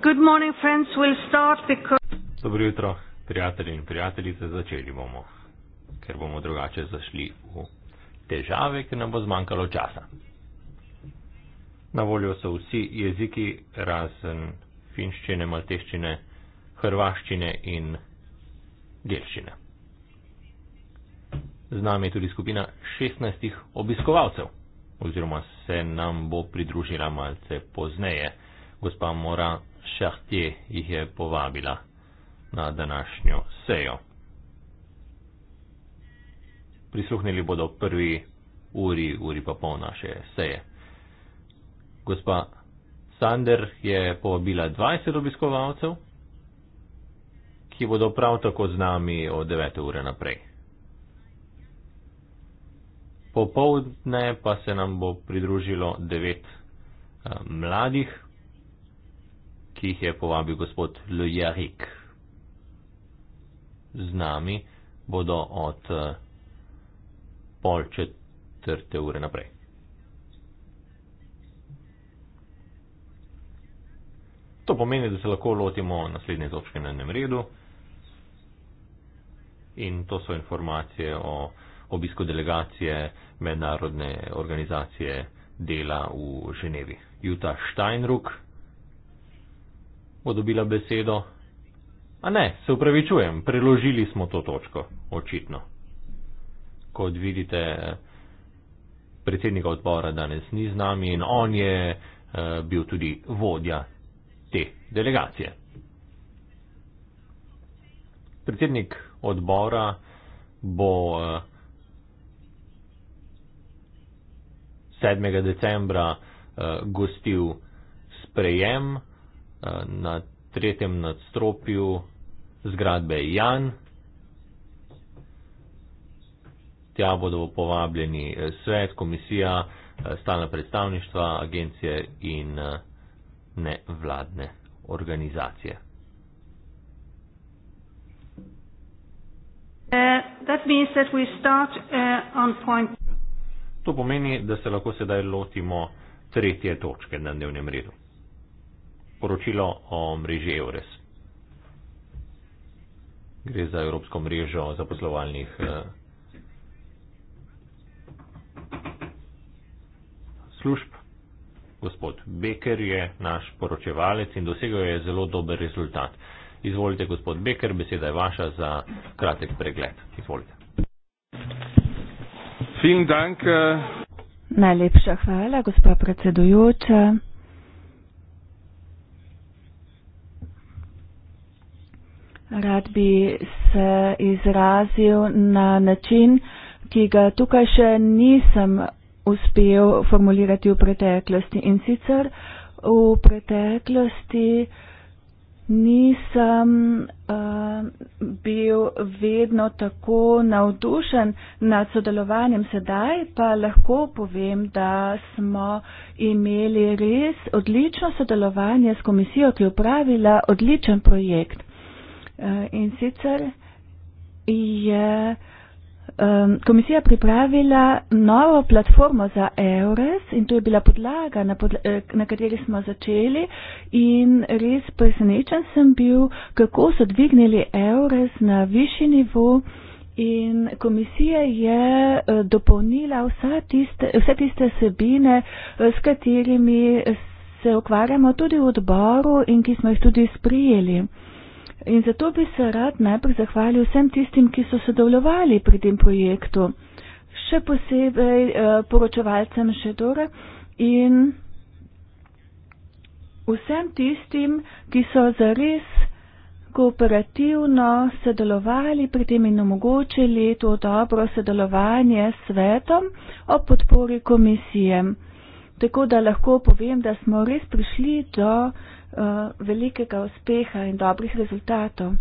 Good morning, friends. We'll start because... Dobro jutro, prijatelji in prijateljice, začeli bomo, ker bomo drugače zašli v težave, ker nam bo zmanjkalo časa. Na voljo so vsi jeziki, razen finščine, malteščine, hrvaščine in gelščine. Z nami je tudi skupina 16 obiskovalcev, oziroma se nam bo pridružila malce pozneje. Gospa Mora Šahtje jih je povabila na današnjo sejo. Prisluhnili bodo prvi uri, uri pa pol naše seje. Gospa Sander je povabila 20 obiskovalcev, ki bodo prav tako z nami od 9. ure naprej popovdne pa se nam bo pridružilo devet eh, mladih, ki jih je povabil gospod Lujarik. Z nami bodo od eh, pol četrte ure naprej. To pomeni, da se lahko lotimo naslednje točke na dnevnem redu. In to so informacije o obisku delegacije mednarodne organizacije dela v Ženevi. Juta Steinruck bo dobila besedo. A ne, se upravičujem, preložili smo to točko, očitno. Kot vidite, predsednika odbora danes ni z nami in on je eh, bil tudi vodja te delegacije. Predsednik odbora bo eh, 7. decembra uh, gostil sprejem uh, na tretjem nadstropju zgradbe Jan. Tja bodo povabljeni eh, svet, komisija, stalna predstavništva, agencije in nevladne organizacije. Uh, that means that we start uh, on point. To pomeni, da se lahko sedaj lotimo tretje točke na dnevnem redu. Poročilo o mreži EURES. Gre za Evropsko mrežo zaposlovalnih eh, služb. Gospod Beker je naš poročevalec in dosegel je zelo dober rezultat. Izvolite, gospod Beker, beseda je vaša za kratek pregled. Izvolite. Dank, uh... Najlepša hvala, gospa predsedujoča. Rad bi se izrazil na način, ki ga tukaj še nisem uspel formulirati v preteklosti. In sicer v preteklosti nisem uh, bil vedno tako navdušen nad sodelovanjem. Sedaj pa lahko povem, da smo imeli res odlično sodelovanje s komisijo, ki je upravila odličen projekt. Uh, in sicer je. Uh, um, komisija pripravila novo platformo za EURES in to je bila podlaga, na, podla eh, na kateri smo začeli in res presenečen sem bil, kako so dvignili EURES na višji nivo. In komisija je eh, dopolnila vse tiste, vse tiste sebine, eh, s katerimi se ukvarjamo tudi v odboru in ki smo jih tudi sprijeli. In zato bi se rad najprej zahvalil vsem tistim, ki so sodelovali pri tem projektu, še posebej eh, poročevalcem Šedore in vsem tistim, ki so zares kooperativno sodelovali pri tem in omogočili to dobro sodelovanje s svetom o podpori komisije. Tako da lahko povem, da smo res prišli do uh, velikega uspeha in dobrih rezultatov.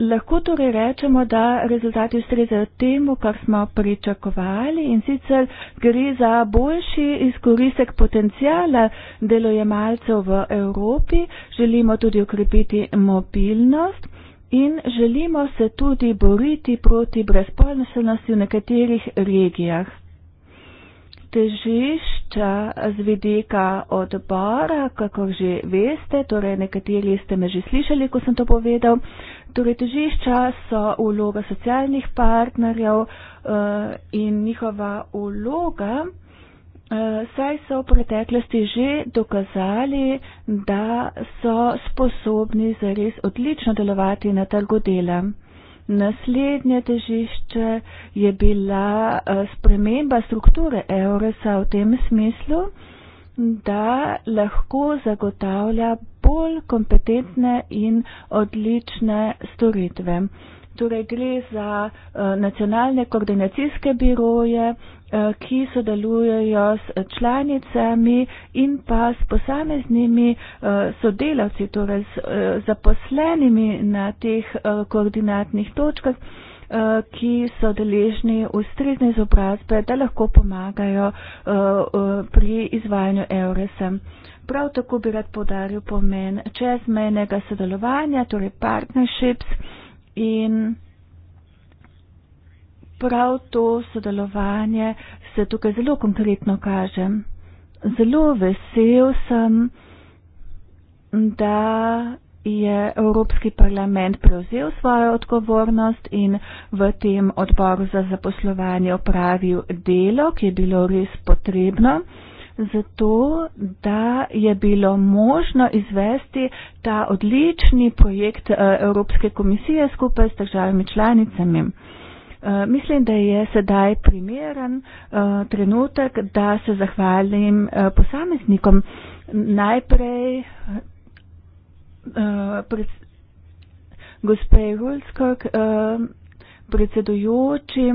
Lahko torej rečemo, da rezultati ustrezajo temu, kar smo pričakovali in sicer gre za boljši izkoristek potencijala delojemalcev v Evropi, želimo tudi ukrepiti mobilnost in želimo se tudi boriti proti brezpolnosti v nekaterih regijah težišča z vidika odbora, kako že veste, torej nekateri ste me že slišali, ko sem to povedal. Torej, težišča so vloga socialnih partnerjev uh, in njihova vloga, uh, saj so v preteklosti že dokazali, da so sposobni zares odlično delovati na trgu dela. Naslednje težišče je bila eh, sprememba strukture Eurosa v tem smislu, da lahko zagotavlja bolj kompetentne in odlične storitve. Torej gre za eh, nacionalne koordinacijske biroje, Eh, ki sodelujejo s članicami in pa s posameznimi eh, sodelavci, torej z eh, zaposlenimi na teh koordinatnih točkah, ki so deležni ustrezne izobrazbe, da lahko pomagajo pri izvajanju EURES-a. Prav tako bi rad podaril pomen čezmejnega sodelovanja, torej partnerships in prav to sodelovanje se tukaj zelo konkretno kaže. Zelo vesel sem, da je Evropski parlament prevzel svojo odgovornost in v tem odboru za zaposlovanje opravil delo, ki je bilo res potrebno, zato da je bilo možno izvesti ta odlični projekt eh, Evropske komisije skupaj s državami članicami. Eh, mislim, da je sedaj primeren eh, trenutek, da se zahvalim eh, posameznikom. Najprej pred gospe Rulskog, predsedujoči,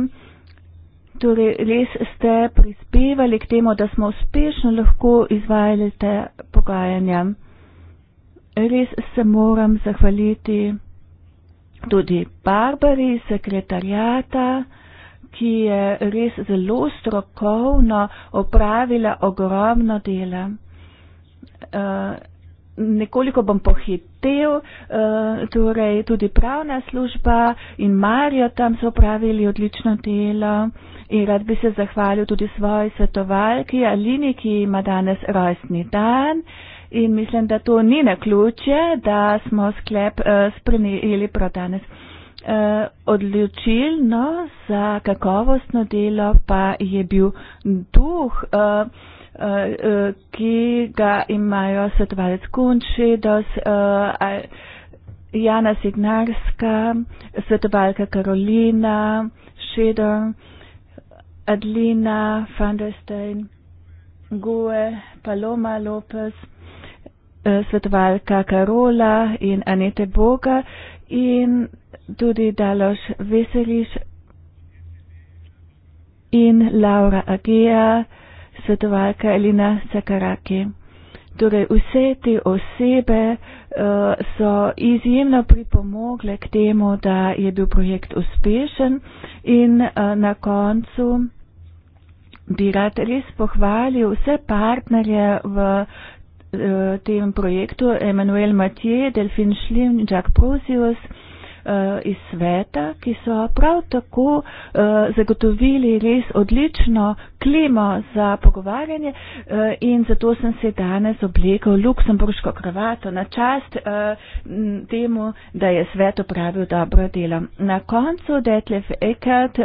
torej res ste prispevali k temu, da smo uspešno lahko izvajali te pogajanja. Res se moram zahvaliti tudi Barbari sekretarjata, ki je res zelo strokovno opravila ogromno dela. Uh, nekoliko bom pohitel, uh, torej tudi pravna služba in Marijo tam so opravili odlično delo in rad bi se zahvalil tudi svoji svetovalki Alini, ki ima danes rojstni dan. Uh, in mislim, da to ni na ključe, da smo sklep uh, eh, sprenili prav danes. Uh, odločilno za kakovostno delo pa je bil duh, uh, uh, uh, ki ga imajo svetovalec Kunči, dos, uh, Jana Signarska, svetovalka Karolina, Šedor, Adlina, Fanderstein, Gue, Paloma Lopez. Eh, svetovalka Karola in Anete Boga in tudi Daloš Veseliš in Laura Agija, svetovalka Elina Sakaraki. Torej, vse te osebe uh, so izjemno pripomogle k temu, da je bil projekt uspešen in uh, na koncu bi rad res pohvalil vse partnerje v Eh, tem projektu Emanuel Matije, Delfin Šlim, Jack Prosius eh, iz sveta, ki so prav tako eh, zagotovili res odlično klimo za pogovarjanje in zato sem se danes oblekel luksemburško kravato na čast temu, da je svet opravil dobro delo. Na koncu Detlef Eckert,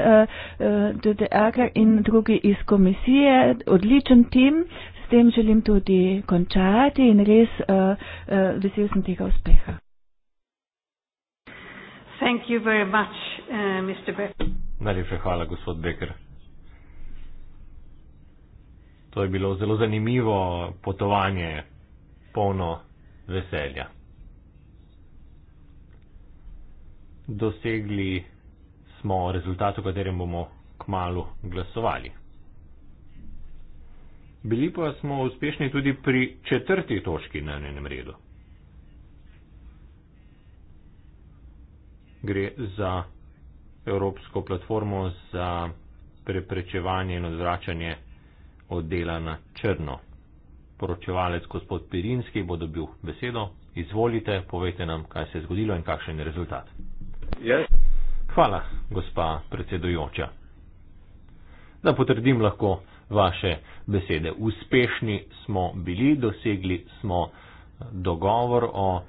Dede Aker in drugi iz komisije, odličen tim, tem želim tudi končati in res uh, uh, vesel sem tega uspeha. Much, uh, Najlepša hvala, gospod Becker. To je bilo zelo zanimivo potovanje, polno veselja. Dosegli smo rezultat, o katerem bomo k malu glasovali. Bili pa smo uspešni tudi pri četrti točki na enem redu. Gre za Evropsko platformo za preprečevanje in odvračanje od dela na črno. Poročevalec gospod Pirinski bo dobil besedo. Izvolite, povejte nam, kaj se je zgodilo in kakšen je rezultat. Yes. Ja. Hvala, gospa predsedujoča. Da potrdim lahko vaše besede. Uspešni smo bili, dosegli smo eh, dogovor o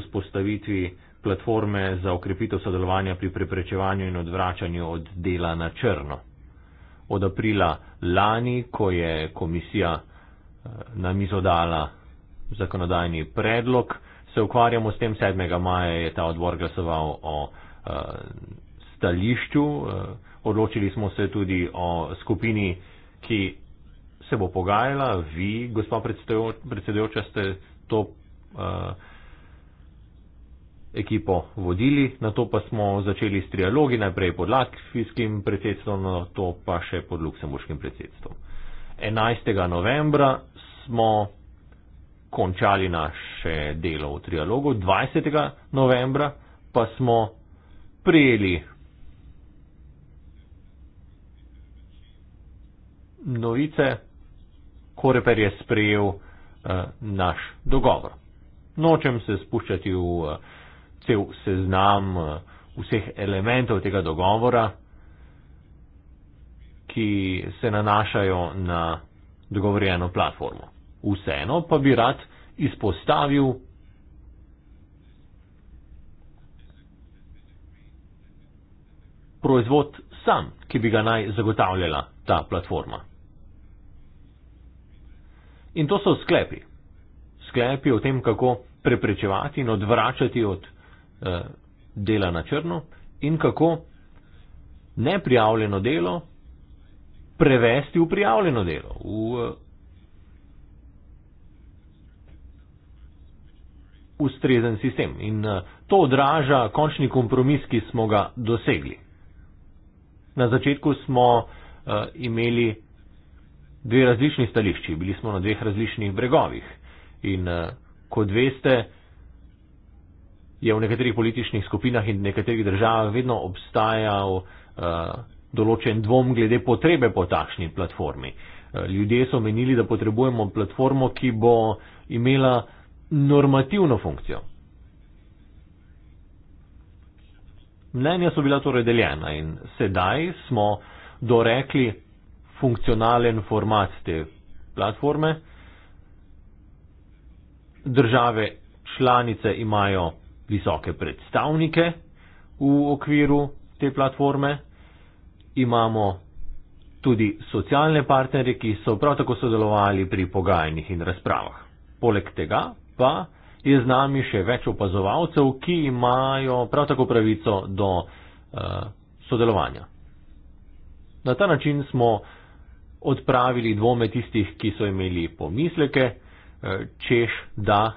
vzpostavitvi platforme za okrepitev sodelovanja pri preprečevanju in odvračanju od dela na črno. Od aprila lani, ko je komisija eh, nam izodala zakonodajni predlog, se ukvarjamo s tem. 7. maja je ta odbor glasoval o eh, stališču. Odločili smo se tudi o skupini ki se bo pogajala, vi, gospa predsedujoča, ste to uh, ekipo vodili, na to pa smo začeli s trialogi, najprej pod latvijskim predsedstvom, na to pa še pod luksemburškim predsedstvom. 11. novembra smo končali naše delo v trialogu, 20. novembra pa smo prijeli novice, Koreper je sprejel eh, naš dogovor. Nočem se spuščati v eh, cel seznam eh, vseh elementov tega dogovora, ki se nanašajo na dogovorjeno platformo. Vseeno pa bi rad izpostavil proizvod sam, ki bi ga naj zagotavljala ta platforma. In to so sklepi. Sklepi o tem, kako preprečevati in odvračati od eh, dela na črno in kako neprijavljeno delo prevesti v prijavljeno delo. V, eh, ustrezen sistem in eh, to odraža končni kompromis, ki smo ga dosegli. Na začetku smo uh, imeli dve različni stališči, bili smo na dveh različnih bregovih. In eh, kot veste, je v nekaterih političnih skupinah in nekaterih državah vedno obstajal uh, določen dvom glede potrebe po takšni platformi. Eh, ljudje so menili, da potrebujemo platformo, ki bo imela normativno funkcijo. Mnenja so bila torej deljena in sedaj smo dorekli funkcionalen format te platforme. Države članice imajo visoke predstavnike v okviru te platforme. Imamo tudi socialne partnerje, ki so prav tako sodelovali pri pogajanjih in razpravah. Poleg tega pa je z nami še več opazovalcev, ki imajo prav tako pravico do uh, sodelovanja. Na ta način smo uh, odpravili dvome tistih, ki so imeli pomisleke, eh, češ, da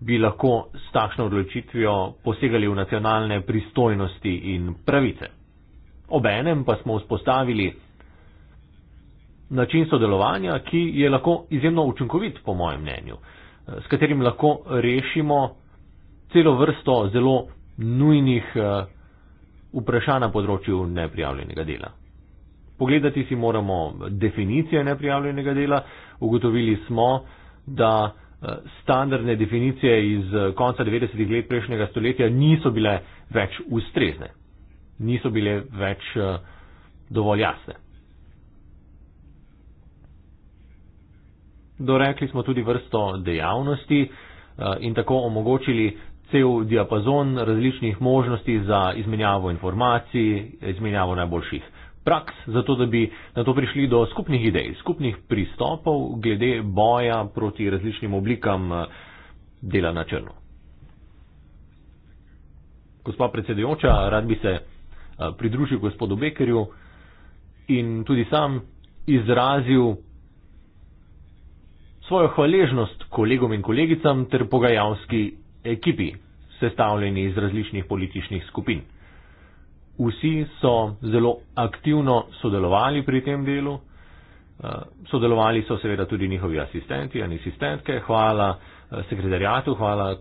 bi lahko s takšno odločitvijo posegali v nacionalne pristojnosti in pravice. Obenem pa smo vzpostavili način sodelovanja, ki je lahko izjemno učinkovit, po mojem mnenju, eh, s katerim lahko rešimo celo vrsto zelo nujnih eh, vprašanj na področju neprijavljenega dela. Pogledati si moramo definicije neprijavljenega dela. Ugotovili smo, da eh, standardne definicije iz eh, konca 90-ih let prejšnjega stoletja niso bile več ustrezne, niso bile več eh, dovolj jasne. Dorekli smo tudi vrsto dejavnosti in tako omogočili cel diapazon različnih možnosti za izmenjavo informacij, izmenjavo najboljših praks, zato da bi na to prišli do skupnih idej, skupnih pristopov glede boja proti različnim oblikam eh, dela na črno. Gospa predsedujoča, rad bi se eh, pridružil gospodu Bekerju in tudi sam izrazil svojo hvaležnost kolegom in kolegicam ter pogajalski ekipi, sestavljeni iz različnih političnih skupin. Vsi so zelo aktivno sodelovali pri tem delu. Eh, sodelovali so seveda tudi njihovi asistenti in asistentke. Hvala eh, sekretarjatu, hvala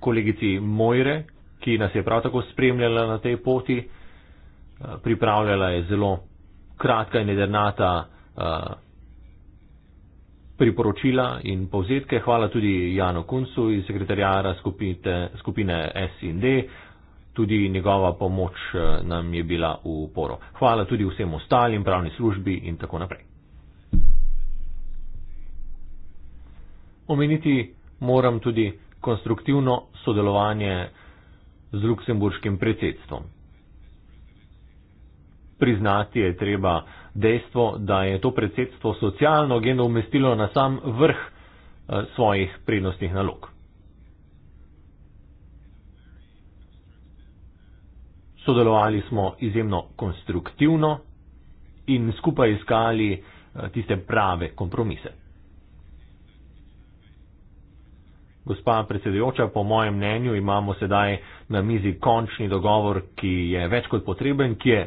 kolegici Mojre, ki nas je prav tako spremljala na tej poti. Eh, pripravljala je zelo kratka in jedernata priporočila in povzetke. Hvala tudi Janu Kuncu iz sekretarjara skupine, skupine S in D, tudi njegova pomoč eh, nam je bila v poro. Hvala tudi vsem ostalim, pravni službi in tako naprej. Omeniti moram tudi konstruktivno sodelovanje z luksemburškim predsedstvom. Priznati je treba dejstvo, da je to predsedstvo socialno geno umestilo na sam vrh eh, svojih prednostnih nalog. Sodelovali smo izjemno konstruktivno in skupaj iskali eh, tiste prave kompromise. Gospa predsedujoča, po mojem mnenju imamo sedaj na mizi končni dogovor, ki je več kot potreben, ki je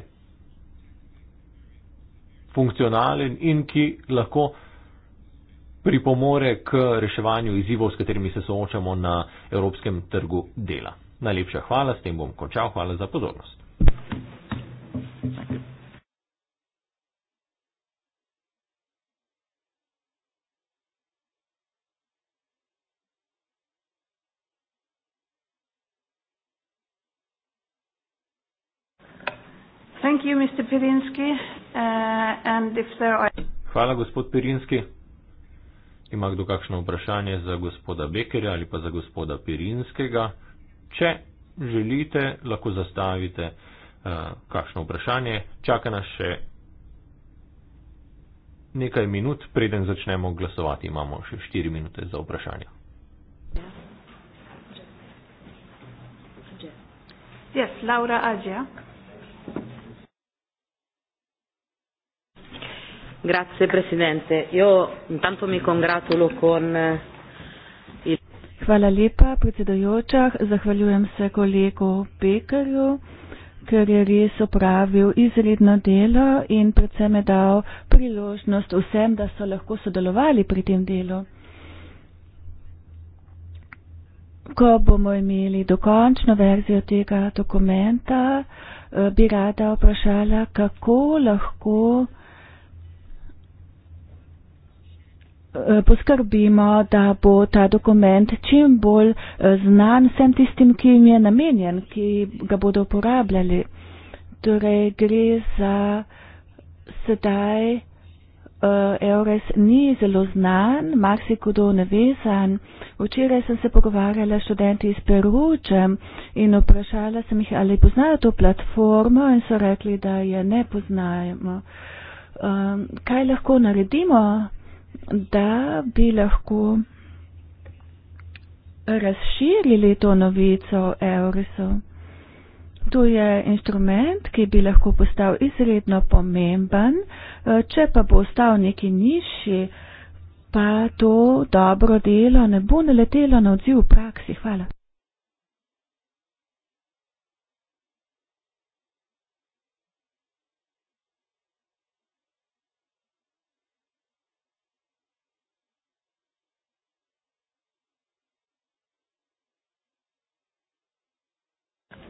funkcionalen in ki lahko pripomore k reševanju izzivov, s katerimi se soočamo na evropskem trgu dela. Najlepša hvala, s tem bom končal. Hvala za pozornost. Uh, hvala, gospod Pirinski. Ima kdo kakšno vprašanje za gospoda Bekerja ali pa za gospoda Pirinskega? Če želite, lahko zastavite uh, kakšno vprašanje. Čaka nas še nekaj minut, preden začnemo glasovati. Imamo še 4 minute za vprašanje. Yes, Laura Azia. Grazie Presidente, io intanto mi congratulo con eh, Hvala lepa, predsedojoča. Zahvaljujem se kolegu Pekarju, ker je res opravil izredno delo in predvsem je dal priložnost vsem, da so lahko sodelovali pri tem delu. Ko bomo imeli dokončno verzijo tega dokumenta, eh, bi rada vprašala, kako lahko Eh, poskrbimo, da bo ta dokument čim bolj eh, znan vsem tistim, ki jim je namenjen, ki ga bodo uporabljali. Torej, gre za sedaj, uh, EURES ni zelo znan, marsikdo ne ve zan. Včeraj sem se pogovarjala s študenti iz Peručem in vprašala sem jih, ali poznajo to platformo in so rekli, da je ne poznajemo. Um, kaj lahko naredimo? da bi lahko razširili to novico Eurisu. Tu je instrument, ki bi lahko postal izredno pomemben, eh, če pa bo ostal neki nižji, pa to dobro delo ne bo naletelo na odziv v praksi. Hvala.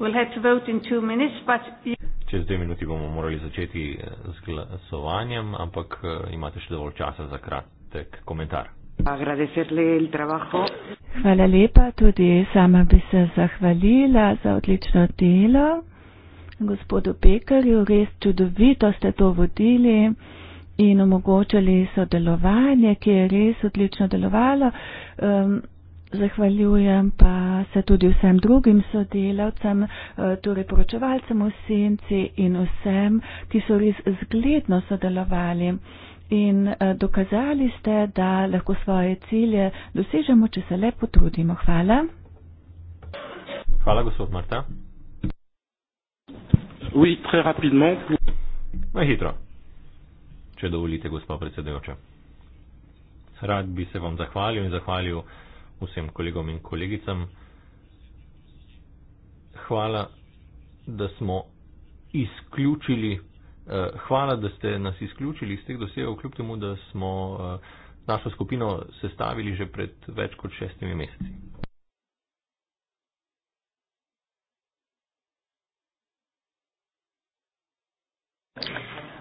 will have to vote in two minutes, but Čez dve minuti bomo morali začeti eh, z glasovanjem, ampak eh, imate še dovolj časa za kratek komentar. Hvala lepa, tudi sama bi se zahvalila za odlično delo. Gospodu Pekarju, res čudovito ste to vodili in omogočali sodelovanje, ki je res odlično delovalo. Um, Zahvaljujem pa se tudi vsem drugim sodelavcem, eh, torej poročevalcem v senci in vsem, ki so res zgledno sodelovali. In eh, dokazali ste, da lahko svoje cilje dosežemo, če se le potrudimo. Hvala. Hvala, gospod Marta. Oui, très rapidement. Na hitro, če dovolite, gospod predsedujoča. Rad bi se vam zahvalil in zahvalil vsem kolegom in kolegicam. Hvala, da smo izključili, eh, hvala, da ste nas izključili iz teh dosegov, kljub temu, da smo eh, našo skupino sestavili že pred več kot šestimi meseci.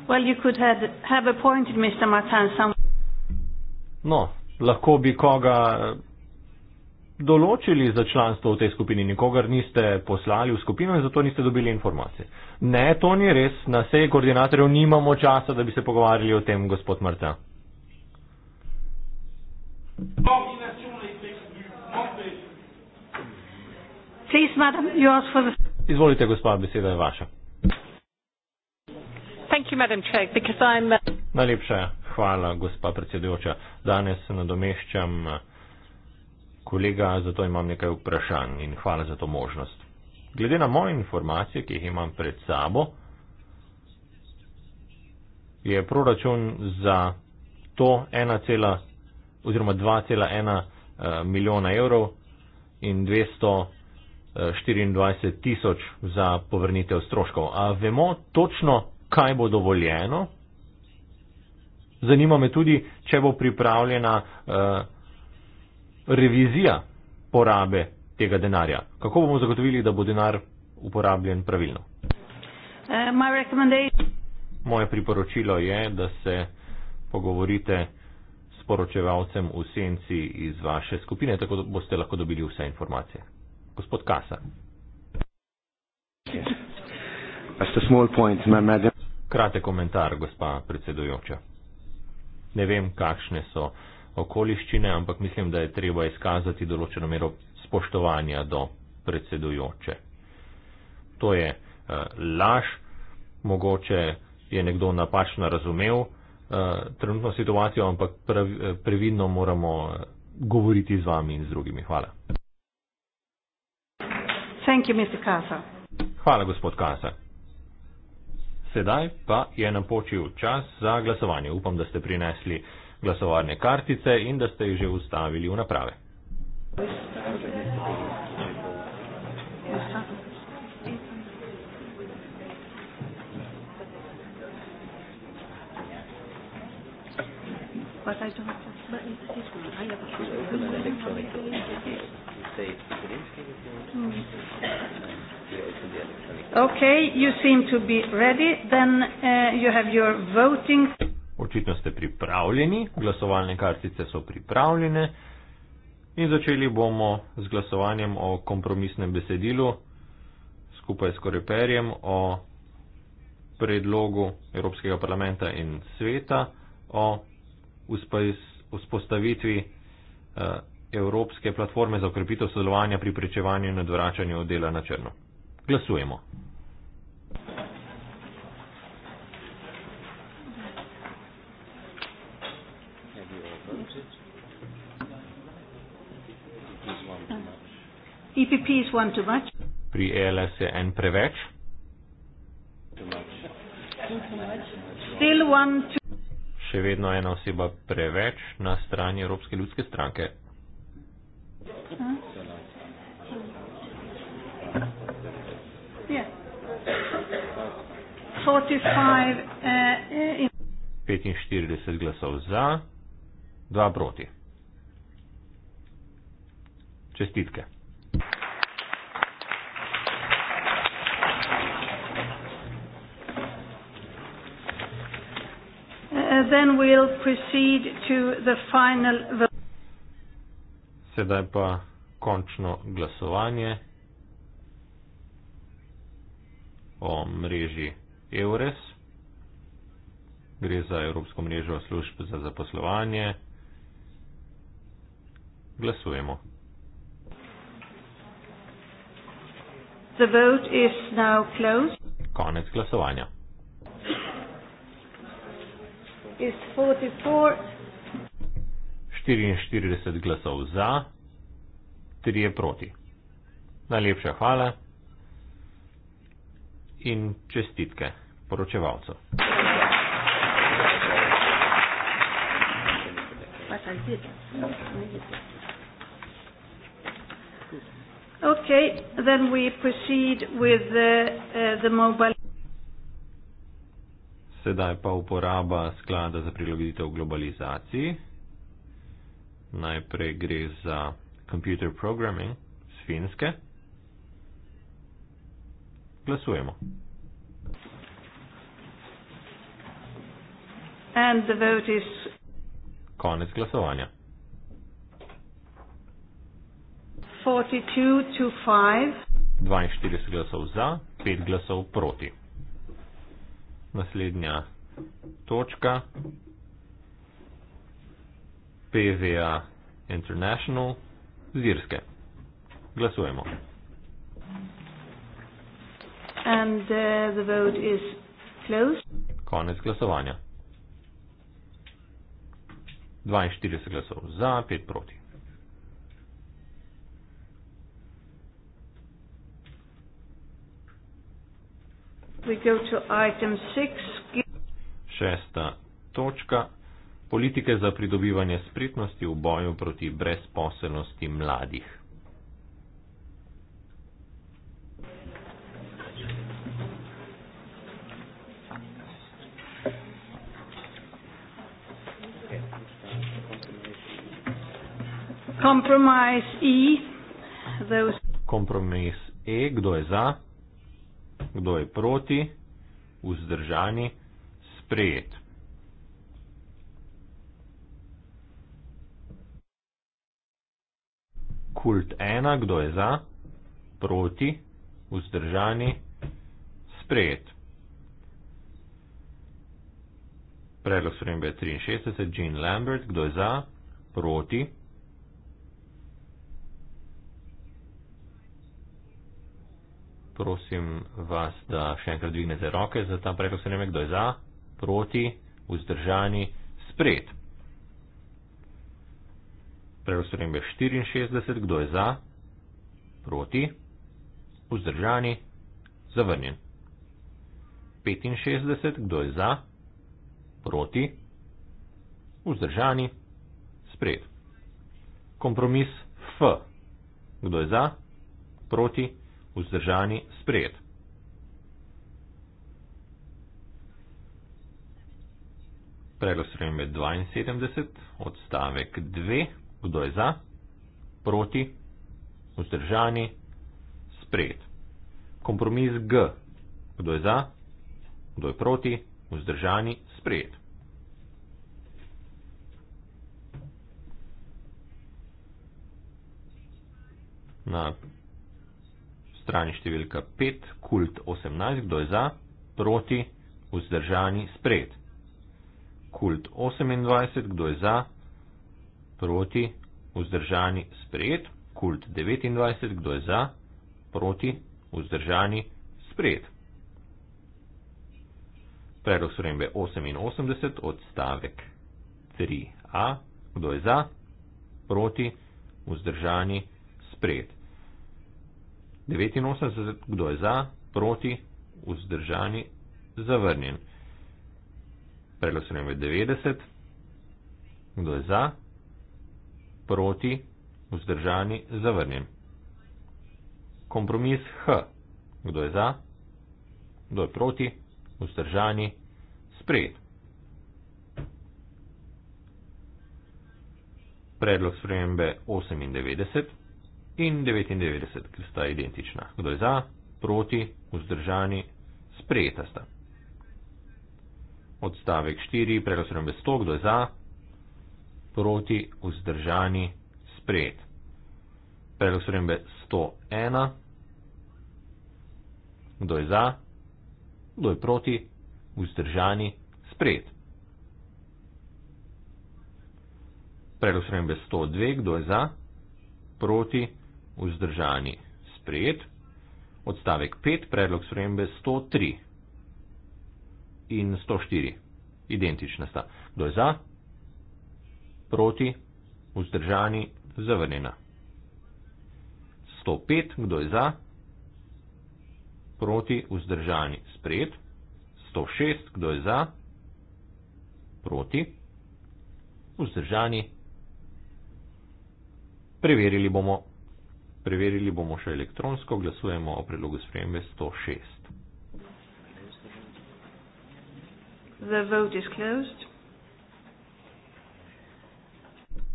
Well, have, have no, lahko bi koga. Eh, določili za članstvo v tej skupini, nikogar niste poslali v skupino in zato niste dobili informacije. Ne, to ni res, na seji koordinatorjev nimamo časa, da bi se pogovarjali o tem, gospod Mrca. Izvolite, gospod, beseda je vaša. Uh, Najlepša hvala, gospa predsedujoča. Danes nadomeščam kolega, zato imam nekaj vprašanj in hvala za to možnost. Glede na moje informacije, ki jih imam pred sabo, je proračun za to 1, oziroma 2,1 eh, milijona evrov in 224 eh, tisoč za povrnitev stroškov. A vemo točno, kaj bo dovoljeno? Zanima me tudi, če bo pripravljena. Uh, revizija porabe tega denarja? Kako bomo zagotovili, da bo denar uporabljen pravilno? Uh, Moje priporočilo je, da se pogovorite s poročevalcem v senci iz vaše skupine, tako da boste lahko dobili vse informacije. Gospod Kasa. Yes. Point, Krate komentar, gospa predsedujoča. Ne vem, kakšne so okoliščine, ampak mislim, da je treba izkazati določeno mero spoštovanja do predsedujoče. To je uh, laž, mogoče je nekdo napačno razumel uh, trenutno situacijo, ampak pravi, eh, previdno moramo govoriti z vami in z drugimi. Hvala. You, Hvala, gospod Kasa. Sedaj pa je napočil čas za glasovanje. Upam, da ste prinesli glasovalne kartice in da ste jih že ustavili v naprave. Okay, you seem to be ready, then uh, you have your voting. Očitno ste pripravljeni, glasovalne kartice so pripravljene in začeli bomo z glasovanjem o kompromisnem besedilu skupaj s Koreperjem o predlogu Evropskega parlamenta in sveta o vzpostavitvi eh, Evropske platforme za okrepitev sodelovanja pri prečevanju in odvračanju dela na črno. Glasujemo. EPP is one too much. Pri ELS je en preveč. Still one too. Še vedno ena oseba preveč na strani Evropske ljudske stranke. Hmm. Yeah. 45 uh, glasov za, 2 proti. Čestitke. then we'll proceed to the final Sedaj pa končno glasovanje o mreži EURES. Gre za Evropsko mrežo služb za zaposlovanje. Glasujemo. The vote is now closed. Konec glasovanja. 44 glasov za, 3 proti. Najlepša hvala in čestitke poročevalcu. Okay, then we proceed with the, uh, the mobile. Sedaj pa uporaba sklada za prilagoditev globalizaciji. Najprej gre za computer programming z finske. Glasujemo. And the vote is... Konec glasovanja. 42 glasov za, 5 glasov proti naslednja točka. PVA International z Irske. Glasujemo. And uh, the vote is closed. Konec glasovanja. 42 glasov za, 5 proti. Šesta točka. Politike za pridobivanje spretnosti v boju proti brezposelnosti mladih. E. Kompromis E, kdo je za? kdo je proti, vzdržani, sprejet. Kult ena, kdo je za, proti, vzdržani, sprejet. Predlog spremembe 63, Jean Lambert, kdo je za, proti, vzdržani, sprejet. prosim vas, da še enkrat dvignete roke za ta predlog, se ne vem, kdo je za, proti, vzdržani, spred. Predlog se ne vem, je 64, kdo je za, proti, vzdržani, zavrnjen. 65, kdo je za, proti, vzdržani, spred. Kompromis F. Kdo je za? Proti? vzdržani, sprejet. Predlog sprejme 72, odstavek 2, kdo je za, proti, vzdržani, sprejet. Kompromis G, kdo je za, kdo je proti, vzdržani, sprejet. Na strani številka 5, kult 18, kdo je za, proti, vzdržani, sprejet. Kult 28, kdo je za, proti, vzdržani, sprejet. Kult 29, kdo je za, proti, vzdržani, sprejet. Predlog sprejembe 88 odstavek 3a, kdo je za, proti, vzdržani, sprejet. 89, kdo je za, proti, vzdržani, zavrnjen. Predlog se nama je 90, kdo je za, proti, vzdržani, zavrnjen. Kompromis H, kdo je za, kdo je proti, vzdržani, sprejet. Predlog spremembe 98 in 99, ki sta identična. Kdo je za, proti, vzdržani, sprejeta sta. Odstavek 4, preglasujem brez to, kdo je za, proti, vzdržani, sprejet. Preglasujem brez 101, kdo je za, kdo je proti, vzdržani, sprejet. Preglasujem brez 102, kdo je za, proti, vzdržani, sprejet vzdržani sprejet. Odstavek 5, predlog spremembe 103 in 104. Identična sta. Kdo je za? Proti? Vzdržani? Zavrnjena. 105. Kdo je za? Proti? Vzdržani? Sprejet. 106. Kdo je za? Proti? Vzdržani? Preverili bomo Preverili bomo še elektronsko, glasujemo o predlogu spremembe 106. The vote is closed.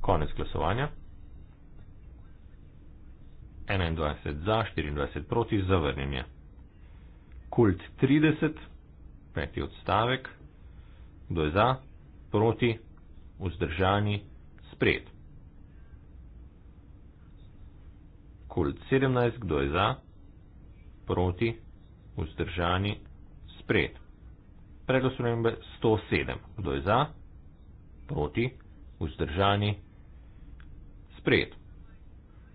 Konec glasovanja. 21 za, 24 proti, zavrnjenje. Kult 30, peti odstavek, kdo je za, proti, vzdržani, sprejet. Kult 17, kdo je za, proti, vzdržani, spred. Predlog spremembe 107, kdo je za, proti, vzdržani, spred.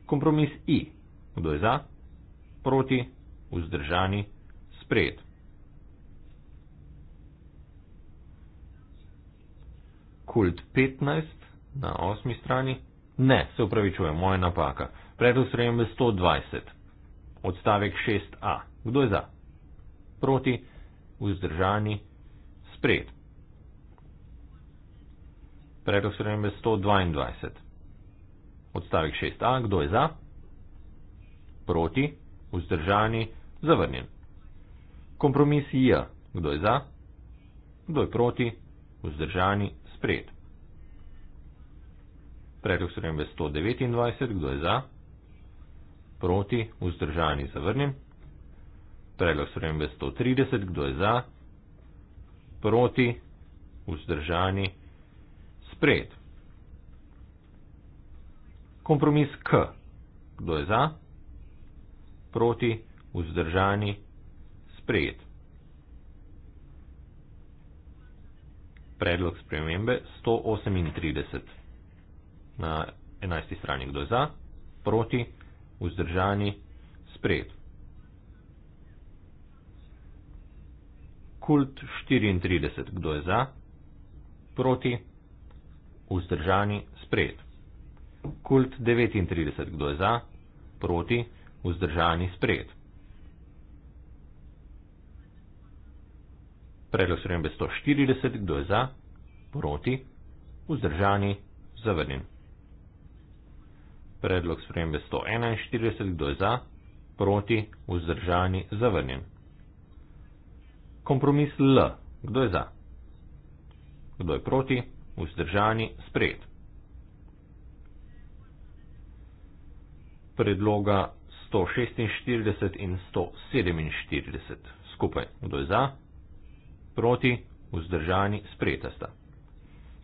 Kompromis I, kdo je za, proti, vzdržani, spred. Kult 15 na osmi strani. Ne, se upravičujem, moja napaka. Predlog sprejem je 120. Odstavek 6a. Kdo je za? Proti? Vzdržani? Sprejet. Predlog sprejem je 122. Odstavek 6a. Kdo je za? Proti? Vzdržani? Zavrnjen. Kompromis je. Kdo je za? Kdo je proti? Vzdržani? Sprejet. Predlog sprejem je 129. Kdo je za? Proti? proti, vzdržani zavrnjen. Predlog spremembe 130, kdo je za, proti, vzdržani, sprejet. Kompromis K, kdo je za, proti, vzdržani, sprejet. Predlog spremembe 138 na 11. strani, kdo je za, proti, vzdržani, sprejet vzdržani, spred. Kult 34. Kdo je za? Proti. Vzdržani, spred. Kult 39. Kdo je za? Proti. Vzdržani, spred. Predlog srembe 140. Kdo je za? Proti. Vzdržani, zavrnjen. Predlog spremembe 141, kdo je za, proti, vzdržani, zavrnjen. Kompromis L, kdo je za, kdo je proti, vzdržani, sprejet. Predloga 146 in 147 skupaj, kdo je za, proti, vzdržani, sprejeta sta.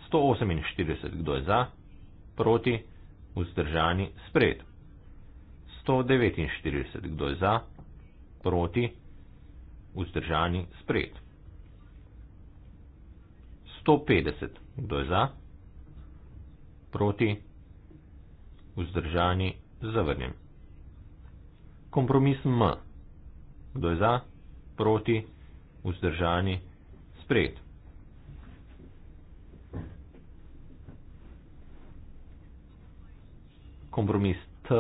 148, kdo je za, proti, vzdržani, sprejeta sta vzdržani, spred. 149, kdo je za, proti, vzdržani, spred. 150, kdo je za, proti, vzdržani, zavrnjen. Kompromis M, kdo je za, proti, vzdržani, spred. kompromis T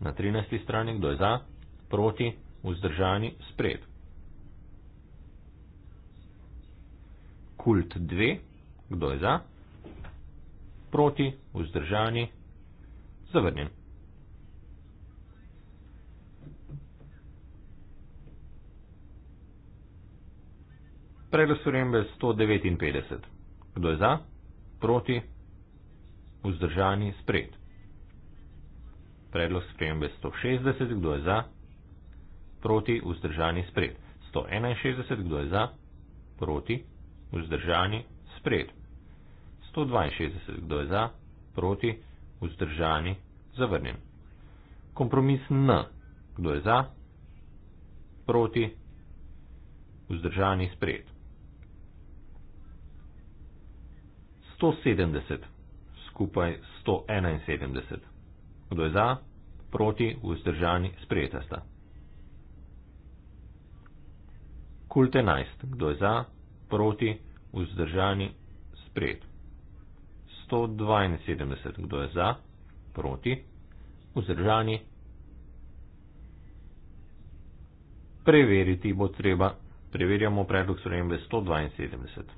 na 13. strani, kdo je za, proti, vzdržani, spred. Kult 2, kdo je za, proti, vzdržani, zavrnjen. Predlog surembe 159. Kdo je za? Proti? Vzdržani spred predlog spremembe 160, kdo je za, proti, vzdržani, spred. 161, kdo je za, proti, vzdržani, spred. 162, kdo je za, proti, vzdržani, zavrnjen. Kompromis N, kdo je za, proti, vzdržani, spred. 170, skupaj 171. Kdo je za, proti, vzdržani, sprejeta sta. Kult 11. Kdo je za, proti, vzdržani, sprejet. 172. Kdo je za, proti, vzdržani, preveriti bo treba, preverjamo predlog sprejembe 172.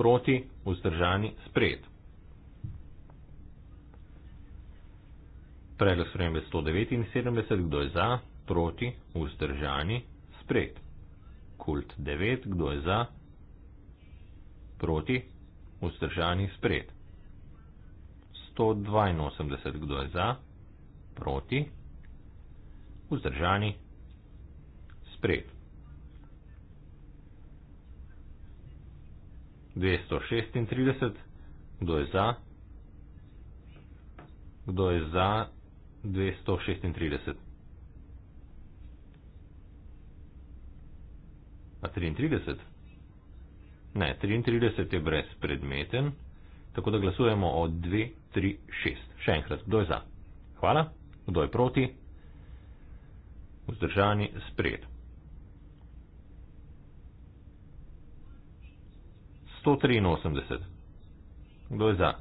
proti, vzdržani, spred. Predlog sprejem je 179, kdo je za, proti, vzdržani, spred. Kult 9, kdo je za, proti, vzdržani, spred. 182, kdo je za, proti, vzdržani, spred. 236, kdo je za? Kdo je za 236? A 33? Ne, 33 je brezpredmeten, tako da glasujemo o 236. Še enkrat, kdo je za? Hvala. Kdo je proti? Vzdržani, sprejet. 183. Kdo je za?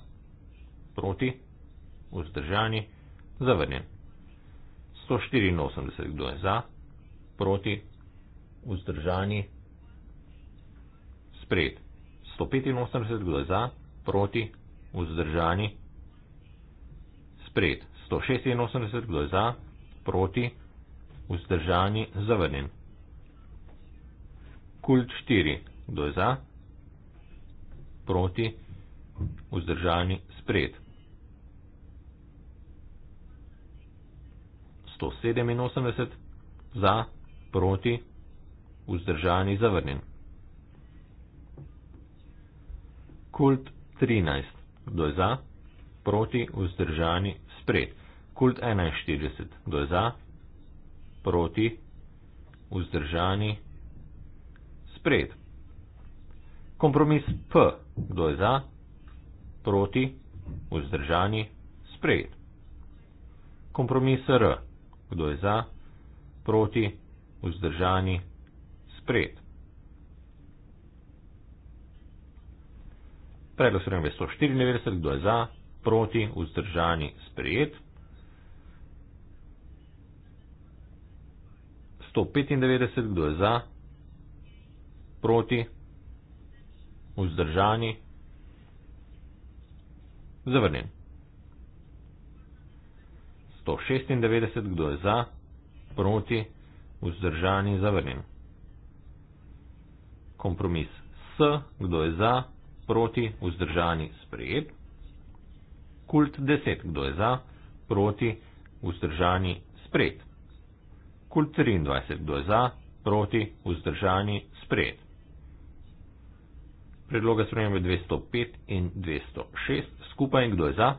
Proti? Vzdržani? Zavrnjen. 184. Kdo je za? Proti? Vzdržani? Sprejet. 185. Kdo je za? Proti? Vzdržani? Sprejet. 186. Kdo je za? Proti? Vzdržani? Zavrnjen. Kult 4. Kdo je za? Proti? proti, vzdržani, spred. 187 za, proti, vzdržani, zavrnjen. Kult 13. Kdo je za, proti, vzdržani, spred. Kult 41. Kdo je za, proti, vzdržani, spred. Kompromis P. Kdo je za? Proti? Vzdržani? Sprejet. Kompromis R. Kdo je za? Proti? Vzdržani? Sprejet. Predlog spremembe 194. Kdo je za? Proti? Vzdržani? Sprejet. 195. Kdo je za? Proti? vzdržani, zavrnjen. 196, kdo je za, proti, vzdržani, zavrnjen. Kompromis S, kdo je za, proti, vzdržani, sprejet. Kult 10, kdo je za, proti, vzdržani, sprejet. Kult 23, kdo je za, proti, vzdržani, sprejet predloga spremembe 205 in 206 skupaj in kdo je za,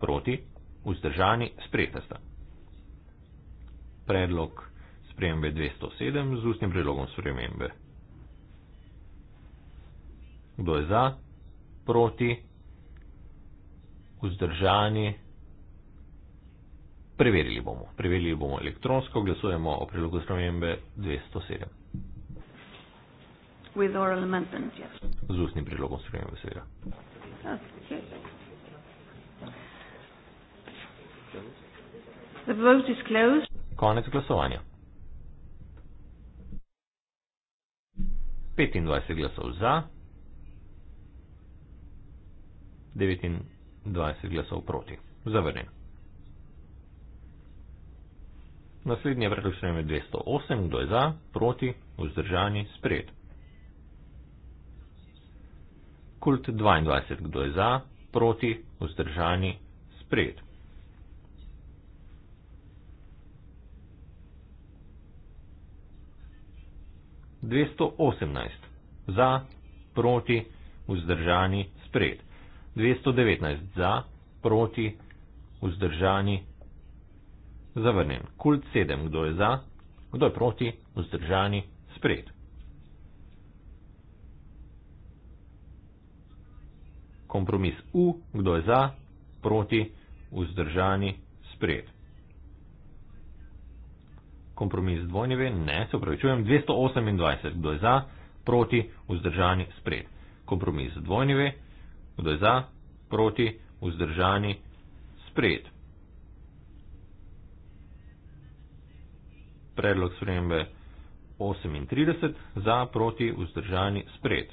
proti, vzdržani, sprejeta sta. Predlog spremembe 207 z ustnim predlogom spremembe. Kdo je za, proti, vzdržani, preverili bomo. Preverili bomo elektronsko, glasujemo o predlogu spremembe 207 with oral amendment, yes. Z ustnim predlogom spremem besedja. The vote is closed. Konec glasovanja. 25 glasov za, 29 glasov proti. Zavrnjen. Naslednje predlog sprememe 208. Kdo je za? Proti? Vzdržani? Sprejet kult 22, kdo je za, proti, vzdržani, sprejet. Za, proti, vzdržani, sprejet. 219 za, proti, vzdržani, zavrnjen. Kult 7, kdo je za, kdo je proti, vzdržani, sprejet. kompromis U, kdo je za, proti, vzdržani, sprejet. Kompromis dvojneve, ne, se upravičujem, 228, kdo je za, proti, vzdržani, sprejet. Kompromis dvojneve, kdo je za, proti, vzdržani, sprejet. Predlog spremembe 38 za, proti, vzdržani, sprejet.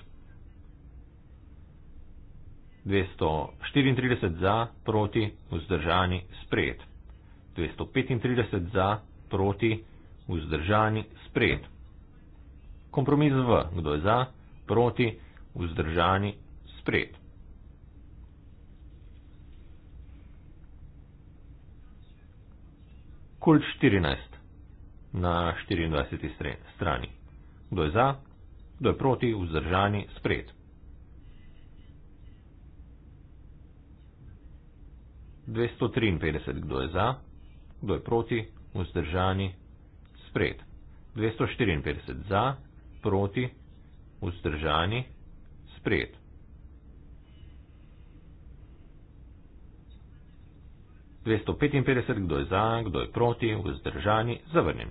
234 za, proti, vzdržani, sprejet. 235 za, proti, vzdržani, sprejet. Kompromis v, kdo je za, proti, vzdržani, sprejet. Kult 14 na 24. strani. Kdo je za, kdo je proti, vzdržani, sprejet. 253, kdo je za, kdo je proti, vzdržani, spred. 254 za, proti, vzdržani, spred. Dvesto petinpetdeset, kdo je za, kdo je proti, vzdržani, zavrnjen.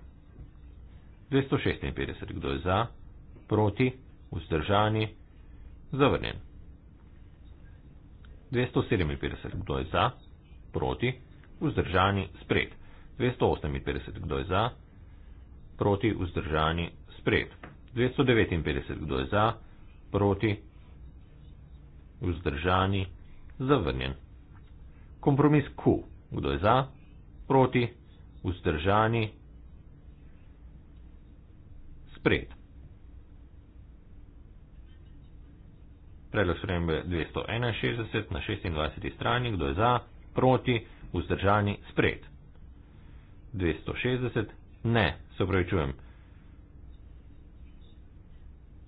Dvesto šestinpetdeset, kdo je za, proti, vzdržani, zavrnjen. Dvesto sedeminpetdeset, kdo je za, proti, vzdržani, spred. 258, kdo je za, proti, vzdržani, spred. 259, kdo je za, proti, vzdržani, zavrnjen. Kompromis Q, kdo je za, proti, vzdržani, spred. Predlog spremembe 261 na 26. strani, kdo je za, proti, vzdržani, spred proti, vzdržani, sprejet. 260, ne, se upravičujem.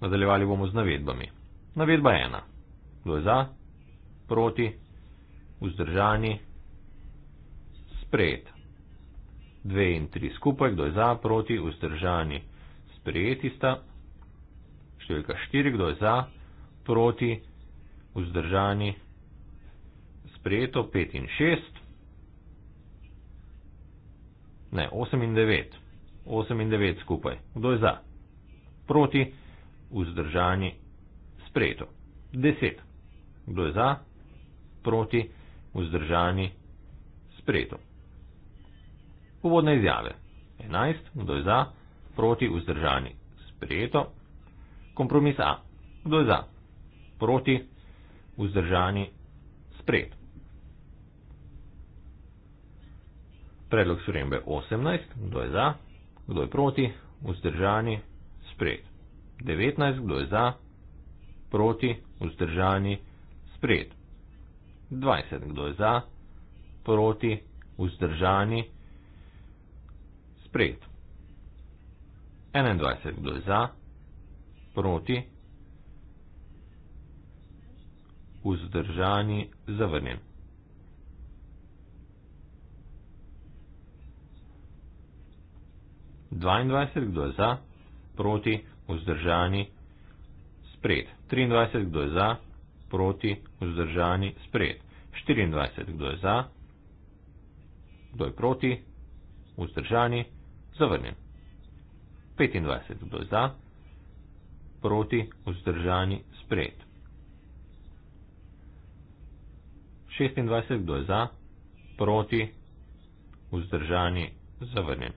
Nadaljevali bomo z navedbami. Navedba ena. Kdo je za, proti, vzdržani, sprejet. Dve in tri skupaj, kdo je za, proti, vzdržani, sprejeti sta. Številka štiri, kdo je za, proti, vzdržani, sprejeti sprejeto 5 in 6. Ne, 8 in 9. 8 in 9 skupaj. Kdo je za? Proti, vzdržani, sprejeto. 10. Kdo je za? Proti, vzdržani, sprejeto. Uvodne izjave. 11. Kdo je za? Proti, vzdržani, sprejeto. Kompromis A. Kdo je za? Proti, vzdržani, sprejeto. Predlog spremembe 18, kdo je za, kdo je proti, vzdržani, spred. 19, kdo je za, proti, vzdržani, spred. 20, kdo je za, proti, vzdržani, spred. 21, kdo je za, proti, vzdržani, zavrnjen. 22, kdo je za, proti, vzdržani, spred. 23, kdo je za, proti, vzdržani, spred. 24, kdo je za, kdo je proti, vzdržani, zavrnjen. 25, kdo je za, proti, vzdržani, spred. 26, kdo je za, proti, vzdržani, zavrnjen.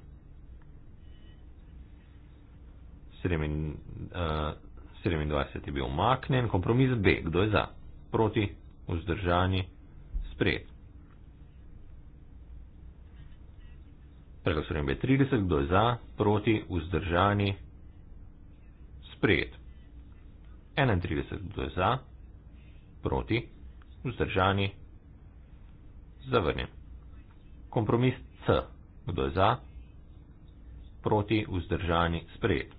27 eh, je bil omaknen, kompromis B, kdo je za, proti, vzdržani, sprejet. Predlog sprememb je 30, kdo je za, proti, vzdržani, sprejet. 31, kdo je za, proti, vzdržani, zavrnjen. Kompromis C, kdo je za, proti, vzdržani, sprejet.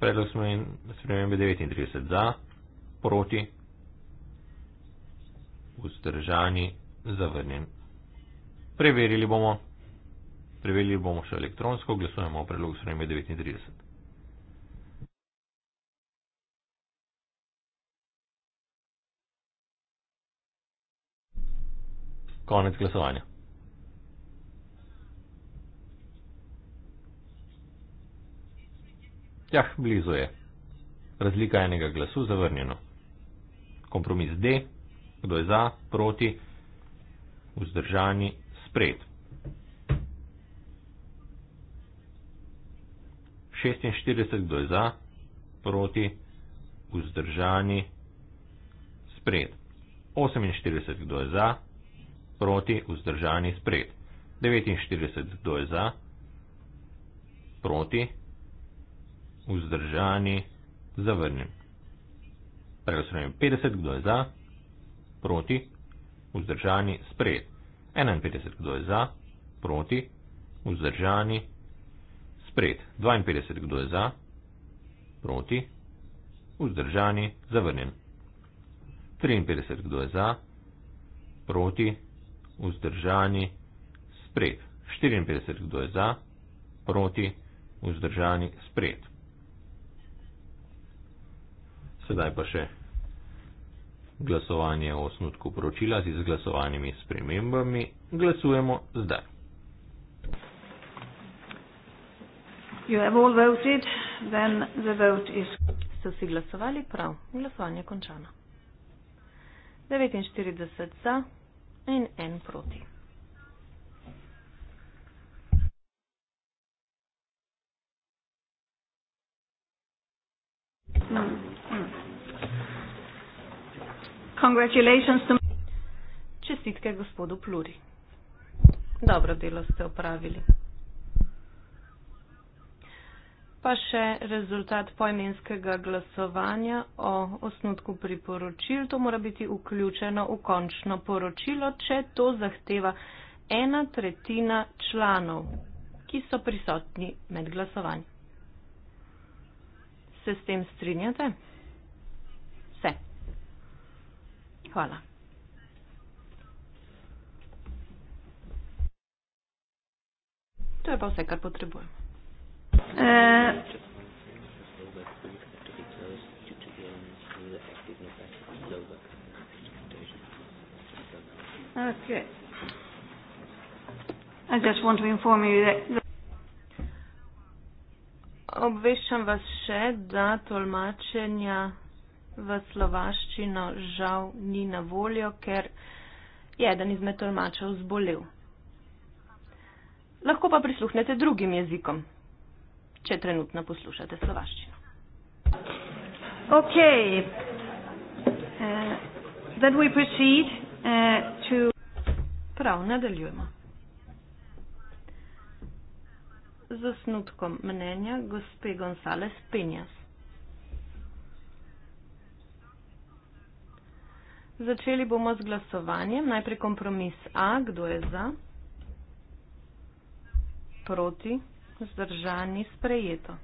predlog smo in spremembe 39 za, proti, vzdržani, zavrnjen. Preverili bomo, preverili bomo še elektronsko, glasujemo o predlogu spremembe 39. Konec glasovanja. Jah, blizu je. Razlika enega glasu zavrnjeno. Kompromis D, kdo je za, proti, vzdržani, spred. 46, kdo je za, proti, vzdržani, spred. 48, kdo je za, proti, vzdržani, spred. 49, kdo je za, proti, vzdržani, spred vzdržani, zavrnjen. Preglasujem 50, kdo je za, proti, vzdržani, sprejet. 51, kdo je za, proti, vzdržani, sprejet. 52, kdo je za, proti, vzdržani, zavrnjen. 53, kdo je za, proti, vzdržani, sprejet. 54, kdo je za, proti, vzdržani, sprejet. Sedaj pa še glasovanje o osnutku poročila z izglasovanimi spremembami. Glasujemo zdaj. Ste vsi glasovali prav? Glasovanje je končano. 49 za in en proti. Hmm. Congratulations to Čestitke gospodu Pluri. Dobro delo ste opravili. Pa še rezultat poimenskega glasovanja o osnutku priporočil. To mora biti vključeno v končno poročilo, če to zahteva ena tretjina članov, ki so prisotni med glasovanjem. Se s tem strinjate? Hvala. To je pa vse, kar potrebujemo. Eh. Obveščam vas še, da tolmačenja v slovaščino žal ni na voljo, ker je eden izmed tolmačev zbolel. Lahko pa prisluhnete drugim jezikom, če trenutno poslušate slovaščino. Okay. Uh, then we proceed, uh, to... Prav, nadaljujemo. Z osnutkom mnenja gospe Gonzales Penjas. Začeli bomo z glasovanjem. Najprej kompromis A. Kdo je za? Proti. Zdržani. Sprejeto.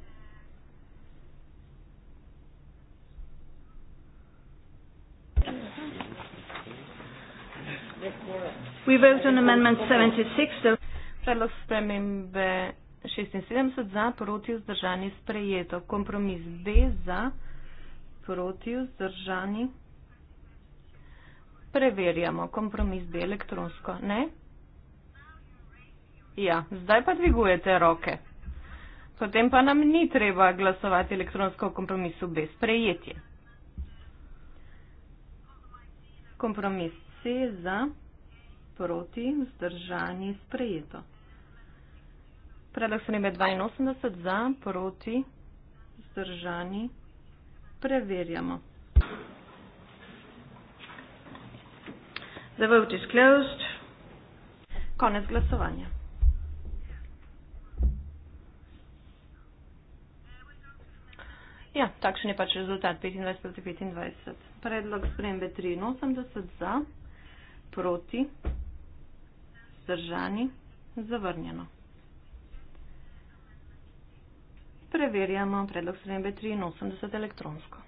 We vote on amendment 76. Predlog spremembe 76 za, proti, vzdržani, sprejeto. Kompromis B za, proti, vzdržani, sprejeto preverjamo. Kompromis bi elektronsko, ne? Ja, zdaj pa dvigujete roke. Potem pa nam ni treba glasovati elektronsko v kompromisu bez prejetje. Kompromis C za proti vzdržanje sprejeto. Predlog spremembe 82 za proti vzdržanje preverjamo. The vote is closed. Koniec głosowania. Ja, takšen je pač rezultat 25 proti 25. Predlog spremembe 83 za, proti, zdržani, zavrnjeno. Preverjamo predlog spremembe 83 elektronsko.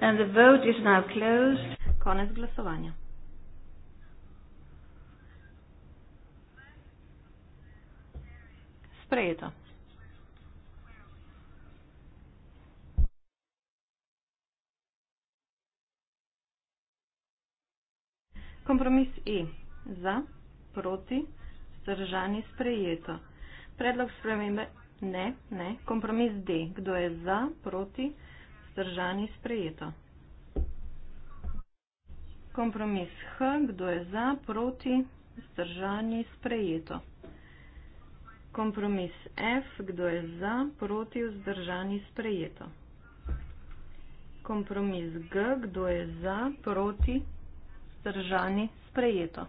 And the vote is now closed. Konec glasovanja. sprejeta. Kompromis E. Za, proti, stržani sprejeto. Predlog spremembe ne, ne. Kompromis D. Kdo je za, proti, stržani sprejeto. Kompromis H. Kdo je za, proti, stržani sprejeto. Kompromis F, kdo je za, proti, vzdržani, sprejeto. Kompromis G, kdo je za, proti, vzdržani, sprejeto.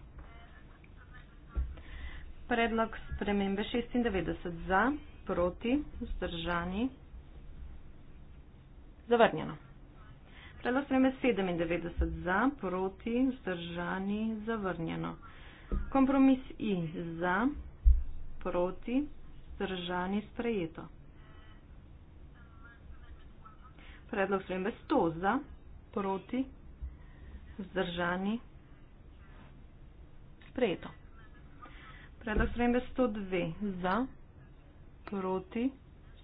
Predlog spremembe 96 za, proti, vzdržani, zavrnjeno. Predlog spremembe 97 za, proti, vzdržani, zavrnjeno. Kompromis I za, proti, vzdržani, zavrnjeno proti, zdržani, sprejeto. Predlog spremembe 100 za, proti, zdržani, sprejeto. Predlog spremembe 102 za, proti,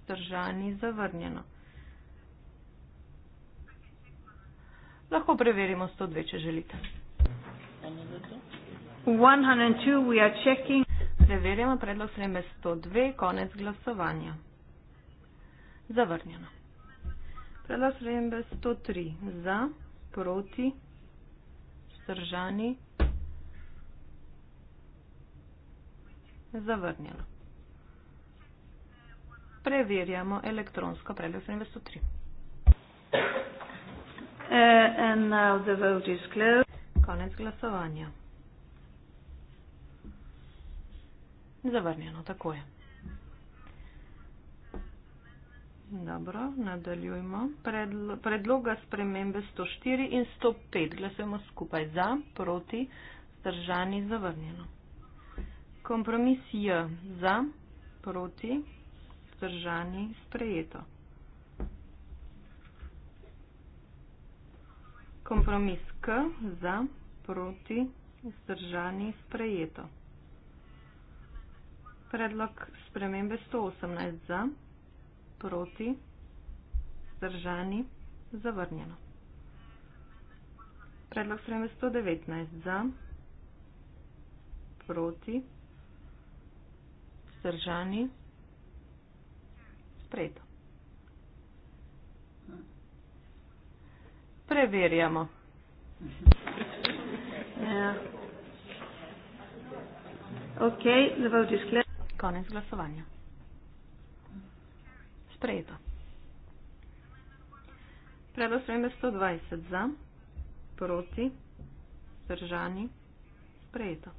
zdržani, zavrnjeno. Lahko preverimo 102, če želite. 102, we are checking. Preverjamo predlog sprejme 102, konec glasovanja. Zavrnjeno. Predlog sprejme 103, za, proti, vzdržani. Zavrnjeno. Preverjamo elektronsko predlog sprejme 103. Uh, and now the vote is closed. Konec glasovanja. zavrnjeno takoj. Dobro, nadaljujmo. Predlo, predloga spremembe 104 in 105 glasujemo skupaj za, proti, zdržani, zavrnjeno. Kompromis J za, proti, zdržani, sprejeto. Kompromis K za, proti, zdržani, sprejeto predlog spremembe 118 za, proti, zdržani, zavrnjeno. Predlog spremembe 119 za, proti, zdržani, sprejeto. Preverjamo. Ja. Okay, the vote is clear. Konec glasovanja. Sprejeto. Predlog spremembe 120 za, proti, zdržani, sprejeto.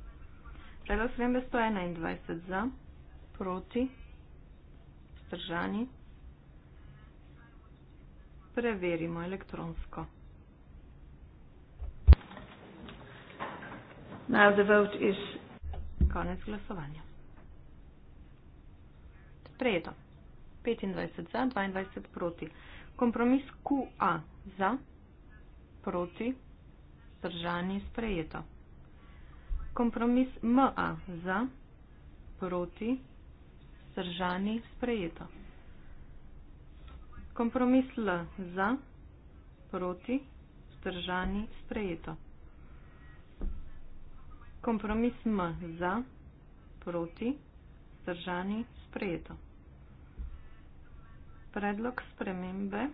Predlog spremembe 121 za, proti, zdržani, preverimo elektronsko. Now the vote is konec glasovanja sprejeto. 25 za, 22 proti. Kompromis QA za, proti, zdržanje sprejeto. Kompromis MA za, proti, zdržanje sprejeto. Kompromis L za, proti, zdržanje sprejeto. Kompromis M za, proti, zdržanje sprejeto. Predlog spremembe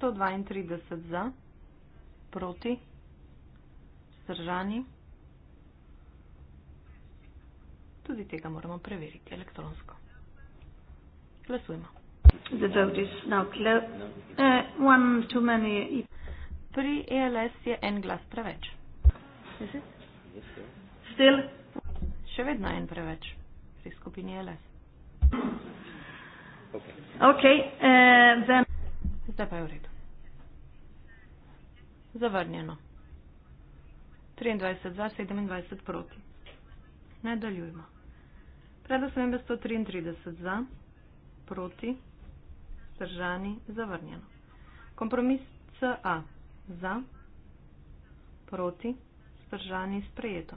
132 za, proti, vzdržani. Tudi tega moramo preveriti elektronsko. Glasujemo. The vote is now uh, one too many. E-, pri ELS je en glas preveč. Still? Še vedno en preveč pri skupini ELS. Okej, eh, zdaj zdaj pa je v redu. Zavrnjeno. 23 za, 27 proti. Nadaljujemo. Predlog spremembe 133 za, proti, zdržani, zavrnjeno. Kompromis CA za, proti, zdržani, sprejeto.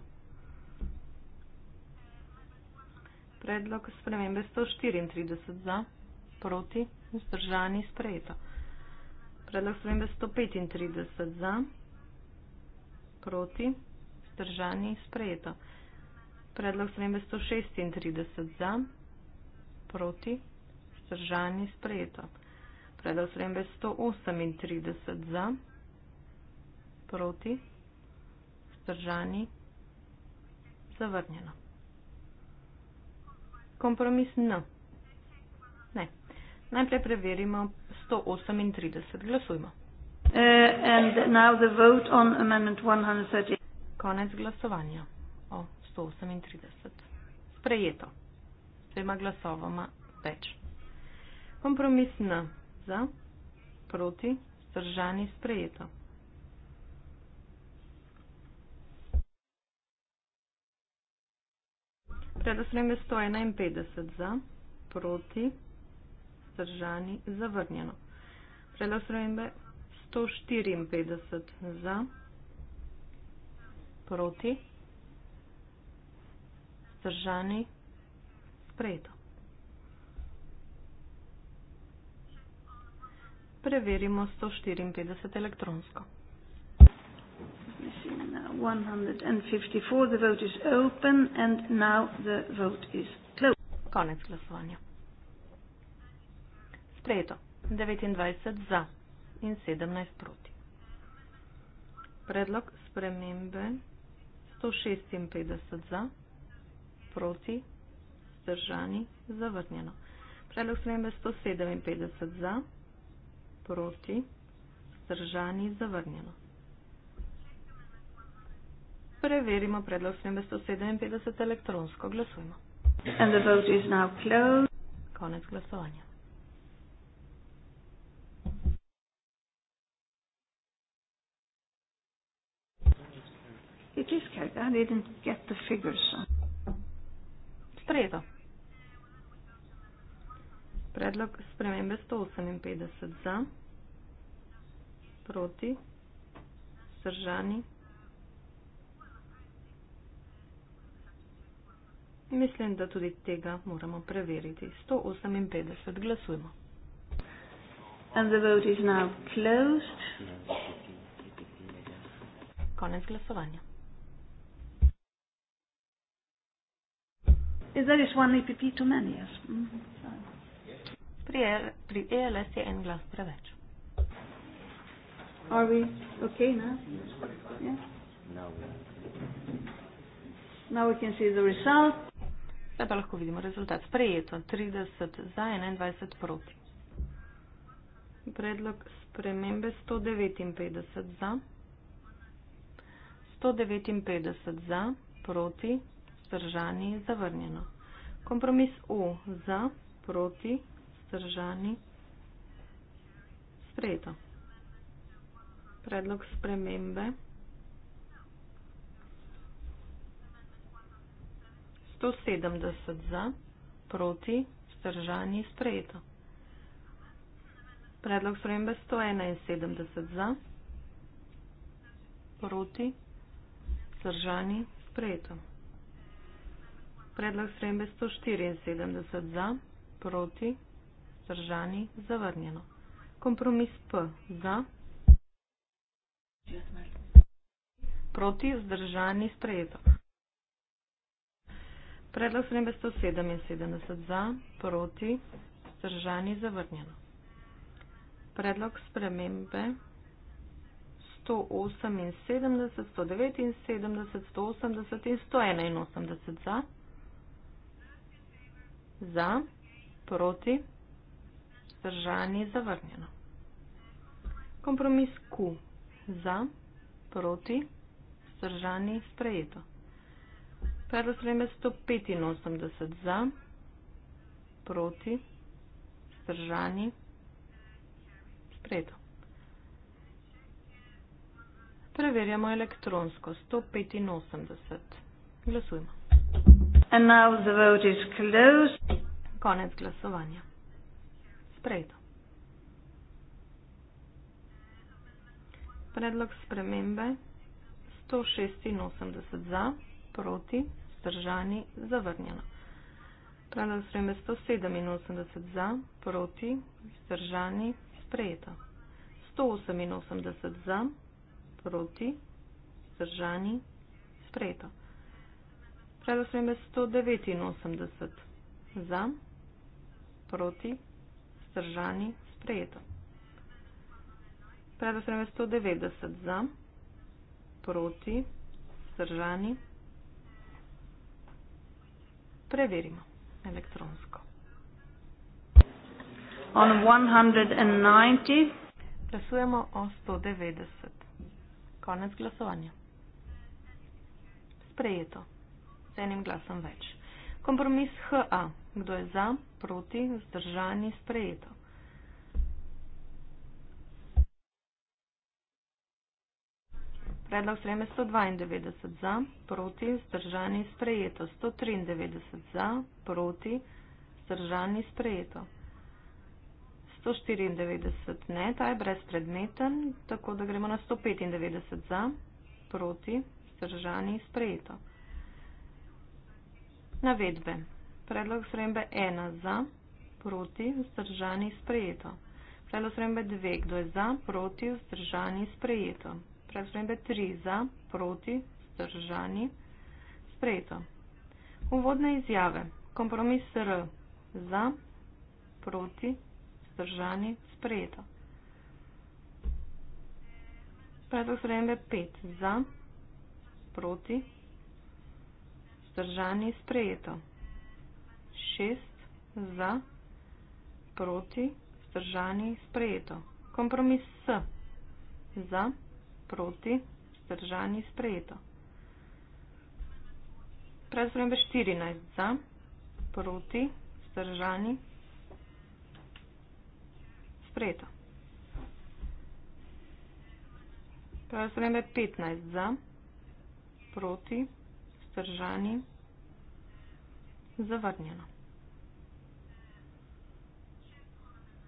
Predlog spremembe 134 za, proti, zdržani, sprejeto proti, vzdržani, sprejeto. Predlog spremembe 135 za, proti, vzdržani, sprejeto. Predlog spremembe 136 za, proti, vzdržani, sprejeto. Predlog spremembe 138 za, proti, vzdržani, zavrnjeno. Kompromis N. No. Najprej preverimo 138. Glasujmo. Uh, and now the vote on amendment 130. Konec glasovanja o 138. Sprejeto. Svema glasovama več. Kompromis na za, proti, zdržani sprejeto. Predostrem je 151 za, proti, zdržani sprejeto vzdržani zavrnjeno. Predlog spremembe 154 za, proti, vzdržani sprejeto. Preverimo 154 elektronsko. 154, the vote is open and now the vote is closed. Konec glasovanja sprejeto. 29 za in 17 proti. Predlog spremembe 156 za, proti, zdržani, zavrnjeno. Predlog spremembe 157 za, proti, zdržani, zavrnjeno. Preverimo predlog spremembe 157 elektronsko. Glasujmo. And the vote is now closed. Konec glasovanja. It is correct. I didn't get the figures. Sprejeto. Predlog spremembe 158 za, proti, sržani. Mislim, da tudi tega moramo preveriti. 158 glasujemo. And the vote is now closed. Konec glasovanja. Is that just one EPP too many? Yes. Mm-hmm. Pri, L, pri ELS je en glas preveč. Are we okay now? Yeah? No. Now we can see the result. Zdaj pa lahko vidimo rezultat. Sprejeto 30 za 21 proti. Predlog spremembe 159 za. 159 za proti vzdržani, zavrnjeno. Kompromis U za, proti, vzdržani, sprejeto. Predlog spremembe 170 za, proti, vzdržani, sprejeto. Predlog spremembe 171 za, proti, vzdržani, sprejeto. Predlog sprejembe 174 za, proti, zdržani, zavrnjeno. Kompromis P za, proti, zdržani, sprejeto. Predlog sprejembe 177 za, proti, zdržani, zavrnjeno. Predlog spremembe 178, 179, 180 in 181 za, za, proti, zdržani, zavrnjeno. Kompromis Q za, proti, zdržani, sprejeto. Predlog sprejeme 185 za, proti, zdržani, sprejeto. Preverjamo elektronsko 185. Glasujemo. And now the vote is closed. Konec glasovanja. Sprejeto. Predlog spremembe 186 za, proti, zdržani, zavrnjeno. Predlog spremembe 187 za, proti, zdržani, sprejeto. 188 za, proti, zdržani, sprejeto. Predlo sem je 189 za, proti, stržani, sprejeto. Predlo sem je 190 za, proti, stržani, preverimo elektronsko. On 190. Glasujemo o 190. Konec glasovanja. Sprejeto enim glasom več. Kompromis HA. Kdo je za, proti, zdržani, sprejeto. Predlog sprejeme 192 za, proti, zdržani, sprejeto. 193 za, proti, zdržani, sprejeto. 194 ne, ta je brezpredmeten, tako da gremo na 195 za, proti, zdržani, sprejeto. Navedbe. Predlog srembe 1 za, proti, vzdržani, sprejeto. Predlog srembe 2, kdo je za, proti, vzdržani, sprejeto. Predlog srembe 3 za, proti, vzdržani, sprejeto. Uvodne izjave. Kompromis sr. za, proti, vzdržani, sprejeto. Predlog srembe 5 za, proti, vzdržani vzdržani sprejeto. Šest za, proti, vzdržani sprejeto. Kompromis S. Za, proti, vzdržani sprejeto. Prezvrembe 14. Za, proti, vzdržani sprejeto. Prezvrembe 15. Za, proti, vzdržani sprejeto vzdržani. Zavrnjeno.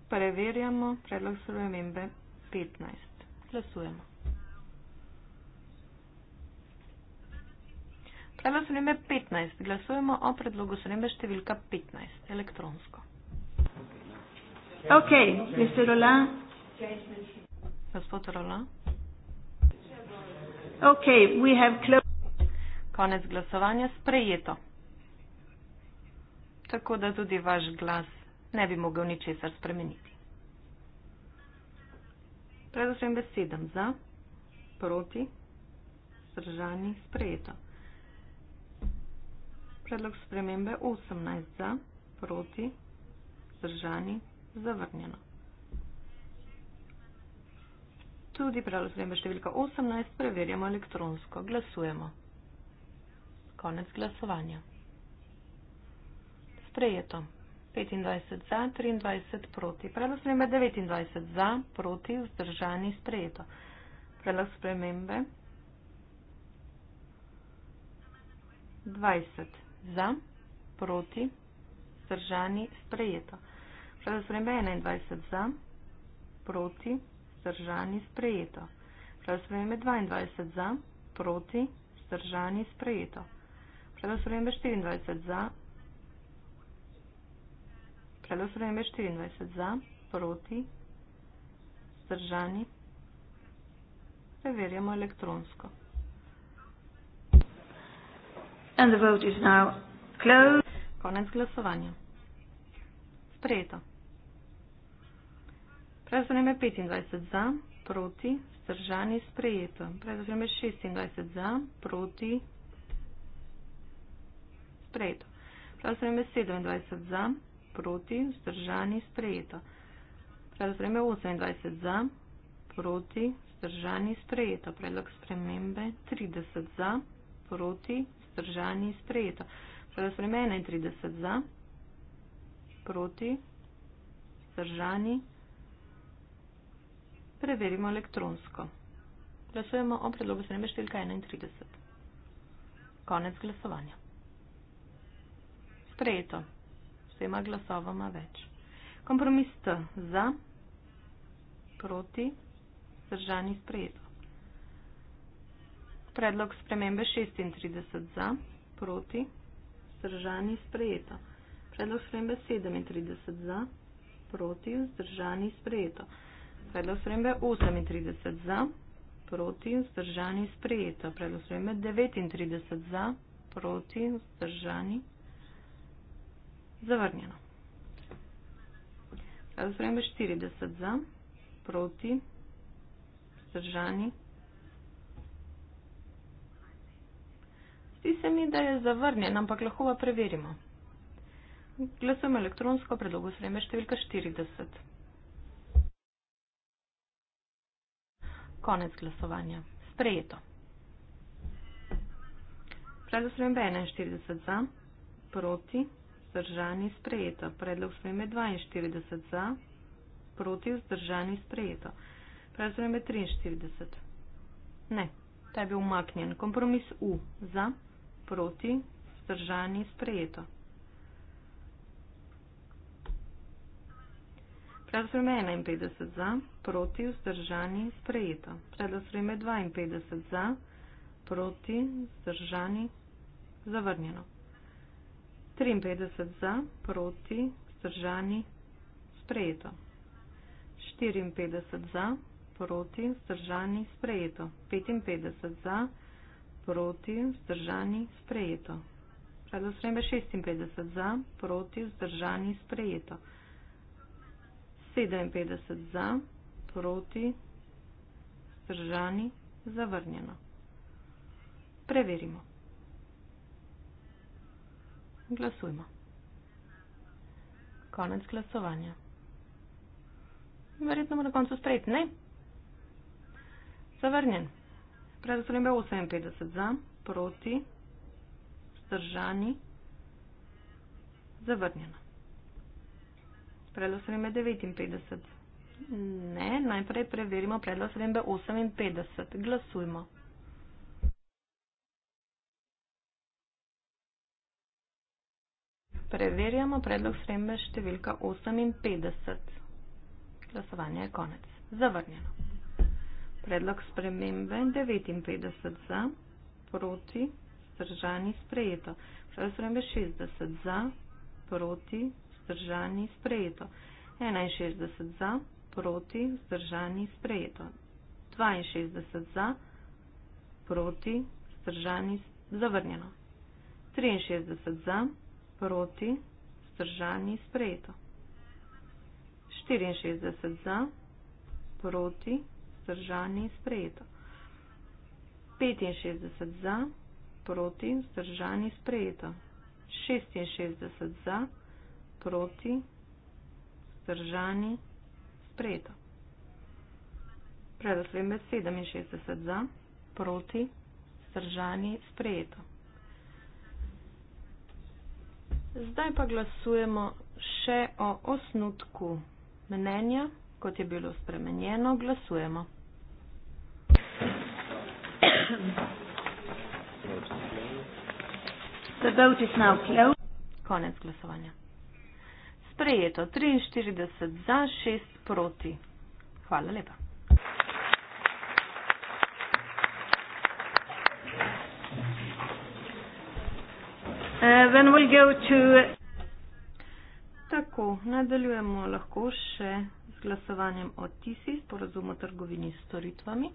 Preverjamo predlog spremembe 15. Glasujemo. Predlog spremembe 15. Glasujemo o predlogu spremembe številka 15. Elektronsko. Ok, mister Rola. Gospod Rola. Ok, we have closed konec glasovanja sprejeto. Tako da tudi vaš glas ne bi mogel ničesar spremeniti. Predvsem besedam za, proti, zdržani, sprejeto. Predlog spremembe 18 za, proti, zdržani, zavrnjeno. Tudi pravzaprav, da številka 18 preverjamo elektronsko, glasujemo. Konec glasovanja. Sprejeto. 25 za, 23 proti. Predlog spremembe 29 za, proti, vzdržani, sprejeto. Predlog spremembe 20 za, proti, vzdržani, sprejeto. Predlog spremembe 21 za, proti, vzdržani, sprejeto. Predlog spremembe 22 za, proti, vzdržani, sprejeto. Predlog Predal Slovenbe 24 za. Predal Slovenbe 24 za. Proti. Zdržani. Preverjamo elektronsko. And the vote is now closed. Konec glasovanja. Sprejeto. Predal Slovenbe 25 za. Proti. Zdržani. Sprejeto. Predal Slovenbe 26 za. Proti. Zdržani sprejeto. Pravzaprav je 27 za, proti, vzdržani, sprejeto. Pravzaprav je 28 za, proti, vzdržani, sprejeto. Predlog spremembe 30 za, proti, vzdržani, sprejeto. Pravzaprav je 31 za, proti, vzdržani. Preverimo elektronsko. Glasujemo o predlogu spremembe številka 31. Konec glasovanja sprejeto. Vsema glasovama več. Kompromis T. Za, proti, zdržani sprejeto. Predlog spremembe 36 za, proti, zdržani sprejeto. Predlog spremembe 37 za, proti, zdržani sprejeto. Predlog spremembe 38 za, proti, zdržani sprejeto. Predlog spremembe 39 za, proti, zdržani sprejeto. Zavrnjeno. Kaj sprejme 40 za, proti, zdržani. Zdi se mi, da je zavrnjen, ampak lahko ga preverimo. Glasujem elektronsko, predlogo sprejme številka 40. Konec glasovanja. Sprejeto. Predlog sprejme 41 za, proti, zdržani vzdržani sprejeto. Predlog sprejme 42 za, proti vzdržani sprejeto. Predlog sprejme 43. Ne, ta je bil umaknjen. Kompromis U za, proti vzdržani sprejeto. Predlog sprejme 51 za, proti vzdržani sprejeto. Predlog sprejme 52 za, proti vzdržani zavrnjeno. 53 za, proti, vzdržani, sprejeto. 54 za, proti, vzdržani, sprejeto. 55 za, proti, vzdržani, sprejeto. Predo sprejme 56 za, proti, vzdržani, sprejeto. 57 za, proti, vzdržani, zavrnjeno. Preverimo. Glasujmo. Konec glasovanja. Verjetno bo na koncu sprejet, ne? Zavrnjen. Predlog so imeli 58 za, proti, vzdržani, zavrnjeno. Predlog so imeli 59. Ne, najprej preverimo predlog so imeli 58. Glasujmo. Preverjamo predlog sprembe številka 58. Glasovanje je konec. Zavrnjeno. Predlog spremembe 59 za, proti, stržani, sprejeto. Predlog spremembe 60 za, proti, stržani, sprejeto. 61 za, proti, stržani, sprejeto. 62 za, proti, stržani, zavrnjeno. 63 za, proti, stržani, sprejeto proti, vzdržani, sprejeto. 64 za, proti, vzdržani, sprejeto. 65 za, proti, vzdržani, sprejeto. 66 za, proti, vzdržani, sprejeto. Predoslednje 67 za, proti, vzdržani, sprejeto. Zdaj pa glasujemo še o osnutku mnenja, kot je bilo spremenjeno. Glasujemo. Konec glasovanja. Sprejeto 43 za 6 proti. Hvala lepa. Eh, we'll go to... Tako, nadaljujemo lahko še z glasovanjem o TISI, porazumu trgovini s storitvami.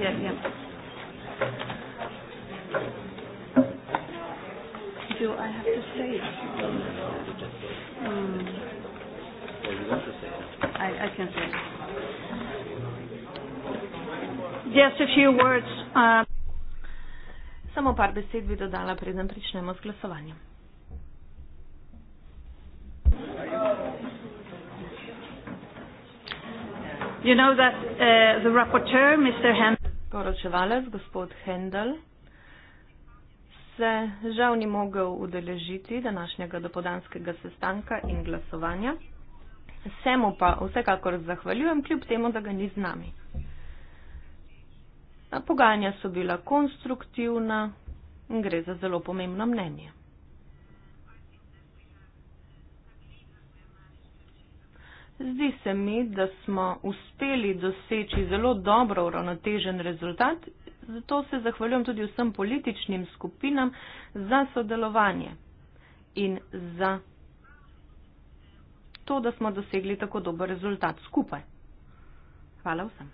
Ja, ja. Do I have to say it? Mm. I, I can say it. Just a few words. Uh, Samo par besed bi dodala, preden pričnemo s glasovanjem. You know that uh, the rapporteur, Mr. Poročevalec, gospod Hendel, se žal ni mogel udeležiti današnjega dopodanskega sestanka in glasovanja. Se mu pa vsekakor zahvaljujem, kljub temu, da ga ni z nami. Pogajanja so bila konstruktivna in gre za zelo pomembno mnenje. Zdi se mi, da smo uspeli doseči zelo dobro uravnotežen rezultat, zato se zahvaljujem tudi vsem političnim skupinam za sodelovanje in za to, da smo dosegli tako dober rezultat skupaj. Hvala vsem.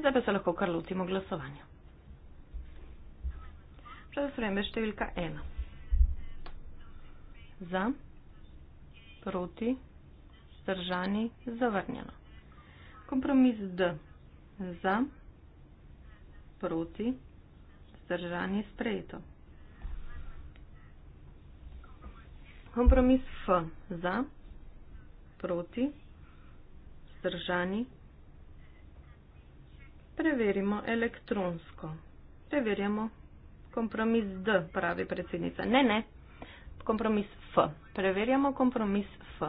Zdaj pa se lahko kar lotimo glasovanja. Predstavljam je številka 1. Za, proti, zdržani, zavrnjeno. Kompromis D. Za, proti, zdržani, sprejeto. Kompromis F. Za, proti, zdržani, preverimo elektronsko. Preverjamo kompromis D, pravi predsednica. Ne, ne, kompromis F. Preverjamo kompromis F.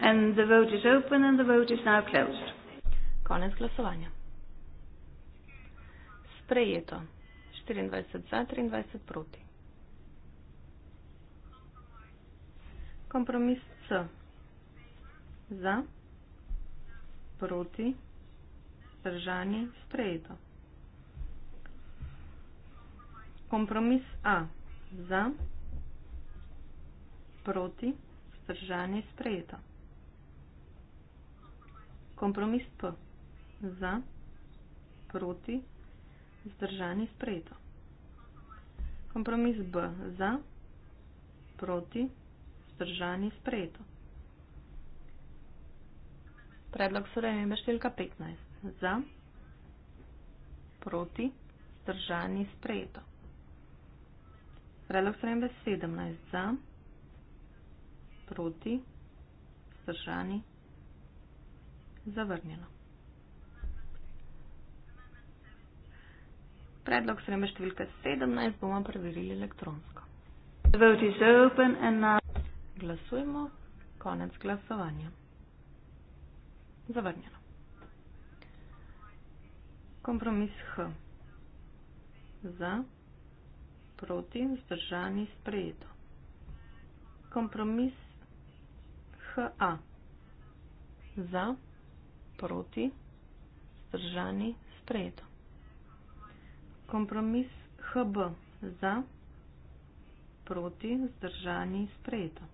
And the vote is open and the vote is now closed. Konec glasovanja. Sprejeto. 24 za, 23 proti. Kompromis C. Za proti, zdržani, sprejeto. Kompromis A za, proti, zdržani, sprejeto. Kompromis P za, proti, zdržani, sprejeto. Kompromis B za, proti, zdržani, sprejeto. Predlog sprejeme številka 15. Za, proti, zdržani, sprejeto. Predlog sprejeme 17. Za, proti, zdržani, zavrnjeno. Predlog sprejeme številka 17 bomo preverili elektronsko. The vote is open and now... Glasujemo. Konec glasovanja. Zavrnjeno. Kompromis H. Za. Proti. Zdržani. Sprejeto. Kompromis HA. Za. Proti. Zdržani. Sprejeto. Kompromis HB. Za. Proti. Zdržani. Sprejeto.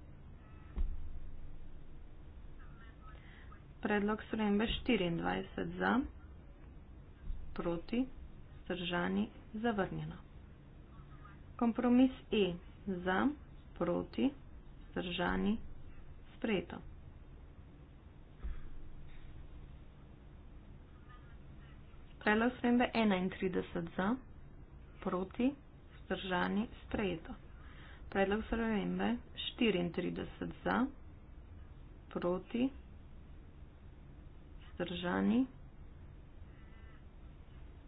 predlog spremembe 24 za, proti, zdržani, zavrnjeno. Kompromis E za, proti, zdržani, sprejeto. Predlog spremembe 31 za, proti, zdržani, sprejeto. Predlog spremembe 34 za, proti, zdržani, sprejeto vzdržani.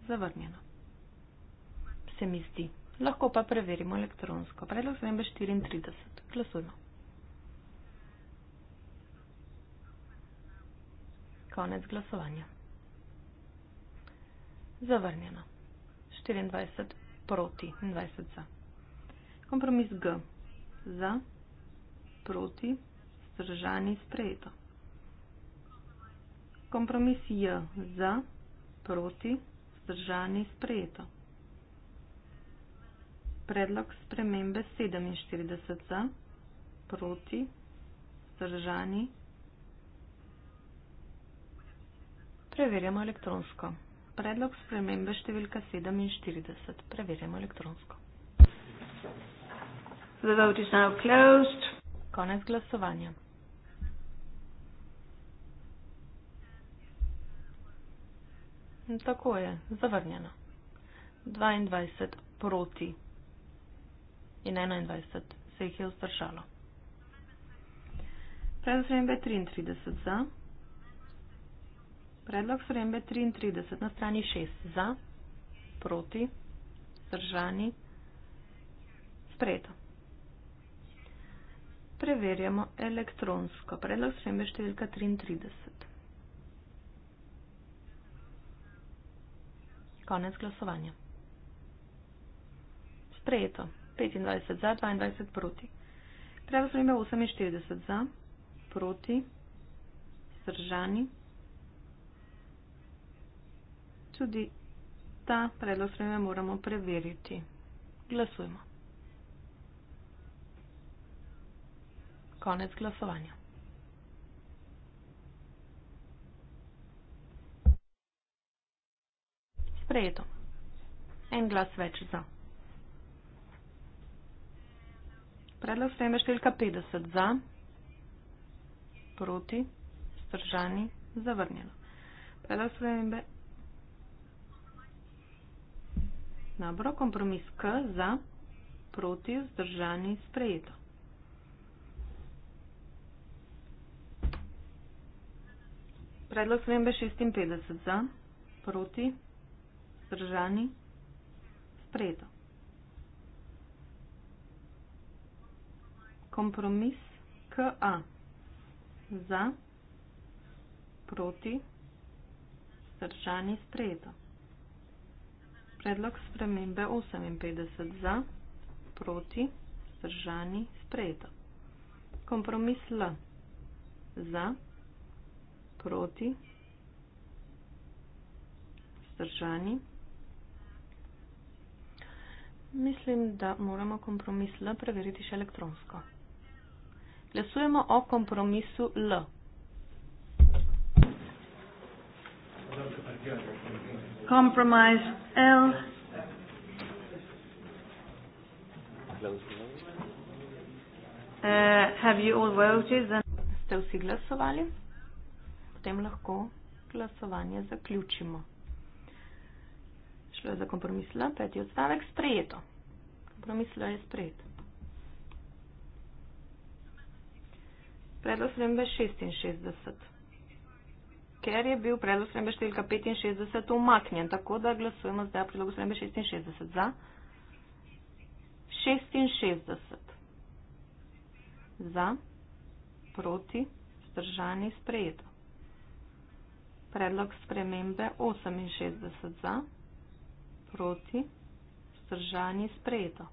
Zavrnjeno. Se mi zdi. Lahko pa preverimo elektronsko. Predlog zveme 34. Glasujmo. Konec glasovanja. Zavrnjeno. 24 proti. 20 za. Kompromis G. Za. Proti. Zdržani sprejeto kompromis J za, proti, vzdržani, sprejeto. Predlog spremembe 47 za, proti, vzdržani. Preverjamo elektronsko. Predlog spremembe številka 47. Preverjamo elektronsko. The vote is now closed. Konec glasovanja. Tako je, zavrnjeno. 22 proti in 21 se jih je vzdržalo. Predlog srembe 33 za. Predlog srembe 33 na strani 6 za, proti, zdržani, sprejeto. Preverjamo elektronsko. Predlog srembe številka 33. Konec glasovanja. Sprejeto. 25 za, 22 proti. Predlog za ime 48 za, proti, zdržani. Tudi ta predlog za ime moramo preveriti. Glasujemo. Konec glasovanja. sprejeto. En glas več za. Predlog sprejme številka 50 za, proti, stržani, zavrnjeno. Predlog sprejme... Dobro, kompromis K za, proti, zdržani, sprejeto. Predlog sprejme 56 za, proti, zdržani, sprejeto vzdržani, spredo. Kompromis KA za, proti, vzdržani, spredo. Predlog spremembe 58 za, proti, vzdržani, spredo. Kompromis L za, proti, vzdržani, spredo. Mislim, da moramo kompromis L preveriti še elektronsko. Glasujemo o kompromisu L. Compromise L. Uh, have you all voted? Ste vsi glasovali? Potem lahko glasovanje zaključimo šlo je za kompromis L, peti odstavek, sprejeto. Kompromis L je sprejet. Predlog sprembe 66. Ker je bil predlog sprembe številka 65 umaknjen, tako da glasujemo zdaj o predlogu sprembe 66 za. 66. Za. Proti. Zdržani sprejeto. Predlog spremembe 68 za proti, vzdržani, sprejeto.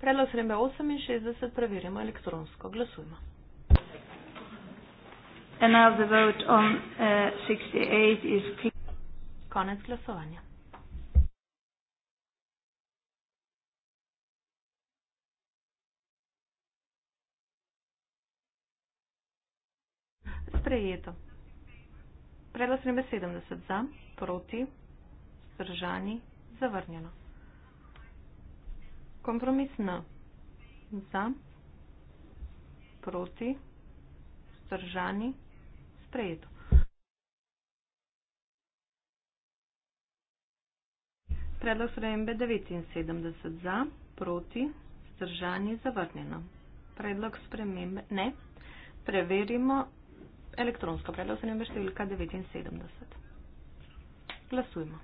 Predlog sprembe 68 preverimo elektronsko. Glasujmo. And now the vote on uh, 68 is Konec glasovanja. Sprejeto. Predlog sprembe 70 za, proti, zdržani, zavrnjeno. Kompromis N za, proti, zdržani, sprejeto. Predlog sprembe 79 za, proti, zdržani, zavrnjeno. Predlog spremembe ne. Preverimo elektronsko predal se nebe številka 79. Glasujmo.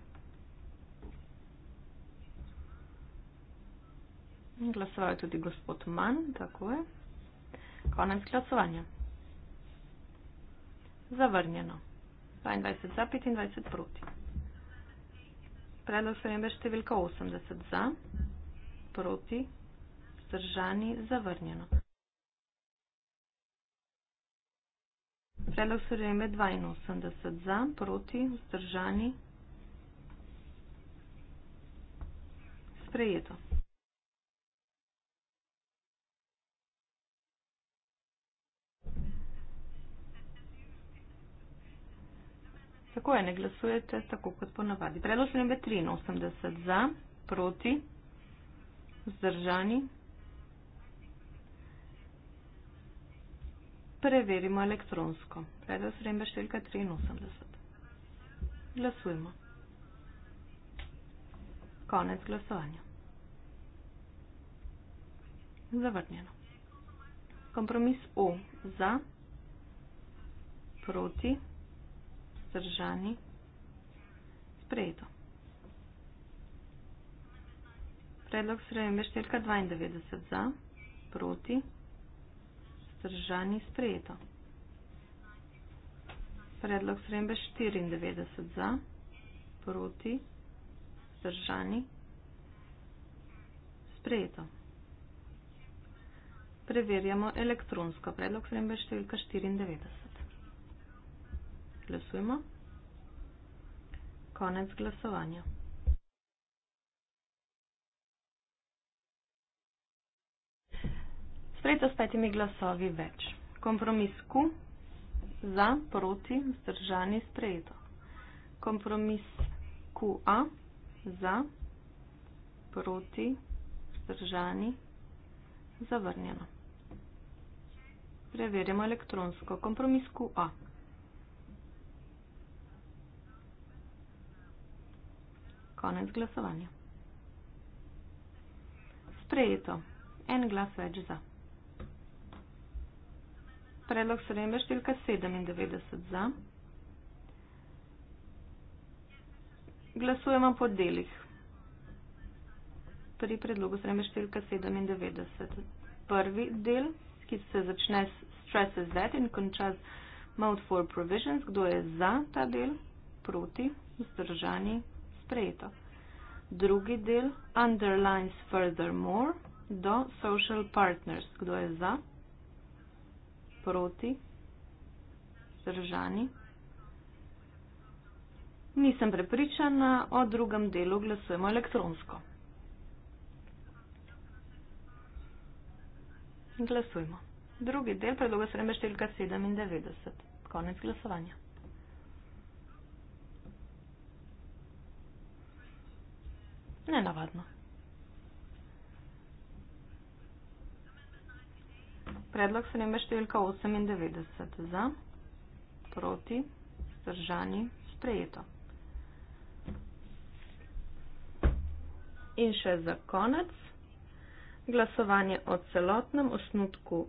Glasoval je tudi gospod Mann, tako je. Konec glasovanja. Zavrnjeno. 22 za, 25 proti. Predlog spremembe številka 80 za, proti, zdržani, zavrnjeno. Predlog se reme 82 za, proti, vzdržani. Sprejeto. Tako je, ne glasujete tako kot ponavadi. Predlog se reme 83 za, proti, vzdržani. Sprejeto. preverimo elektronsko. Predlog sprememba številka 83. Glasujemo. Konec glasovanja. Zavrnjeno. Kompromis O za, proti, zdržani, sprejeto. Predlog sprememba številka 92 za, proti, zdržani. Zdržani sprejeto. Predlog srembe 94 za, proti, zdržani, sprejeto. Preverjamo elektronsko predlog srembe številka 94. Glasujmo. Konec glasovanja. sprejeto s petimi glasovi več. Kompromis Q za, proti, vzdržani, sprejeto. Kompromis QA za, proti, vzdržani, zavrnjeno. Preverjamo elektronsko. Kompromis QA. Konec glasovanja. Sprejeto. En glas več za predlog sprejembe številka 97 za. Glasujemo po delih. Pri predlogu sprejembe številka 97. Prvi del, ki se začne s stresses that in konča z mode for provisions, kdo je za ta del, proti, vzdržani, sprejeto. Drugi del, underlines furthermore, do social partners, kdo je za, proti, zdržani. Nisem prepričana o drugem delu, glasujemo elektronsko. Glasujmo. Drugi del predloga sprememba številka 97. Konec glasovanja. Nenavadno. Predlog se nema številka 98. Za, proti, zdržani, sprejeto. In še za konec, glasovanje o celotnem osnutku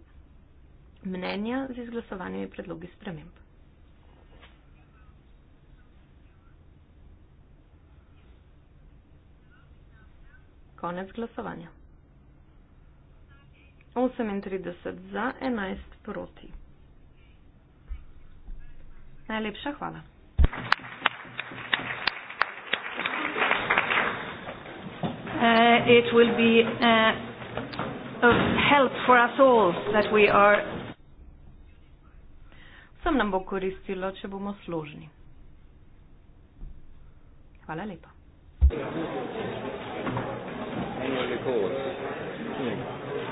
mnenja z izglasovanjem in predlogi sprememb. Konec glasovanja. 38 za, 11 proti. Najlepša hvala. Uh, it will be uh, of help for us all that we are. Sem nam bo koristilo, če bomo složni. Hvala lepa. Hvala lepa.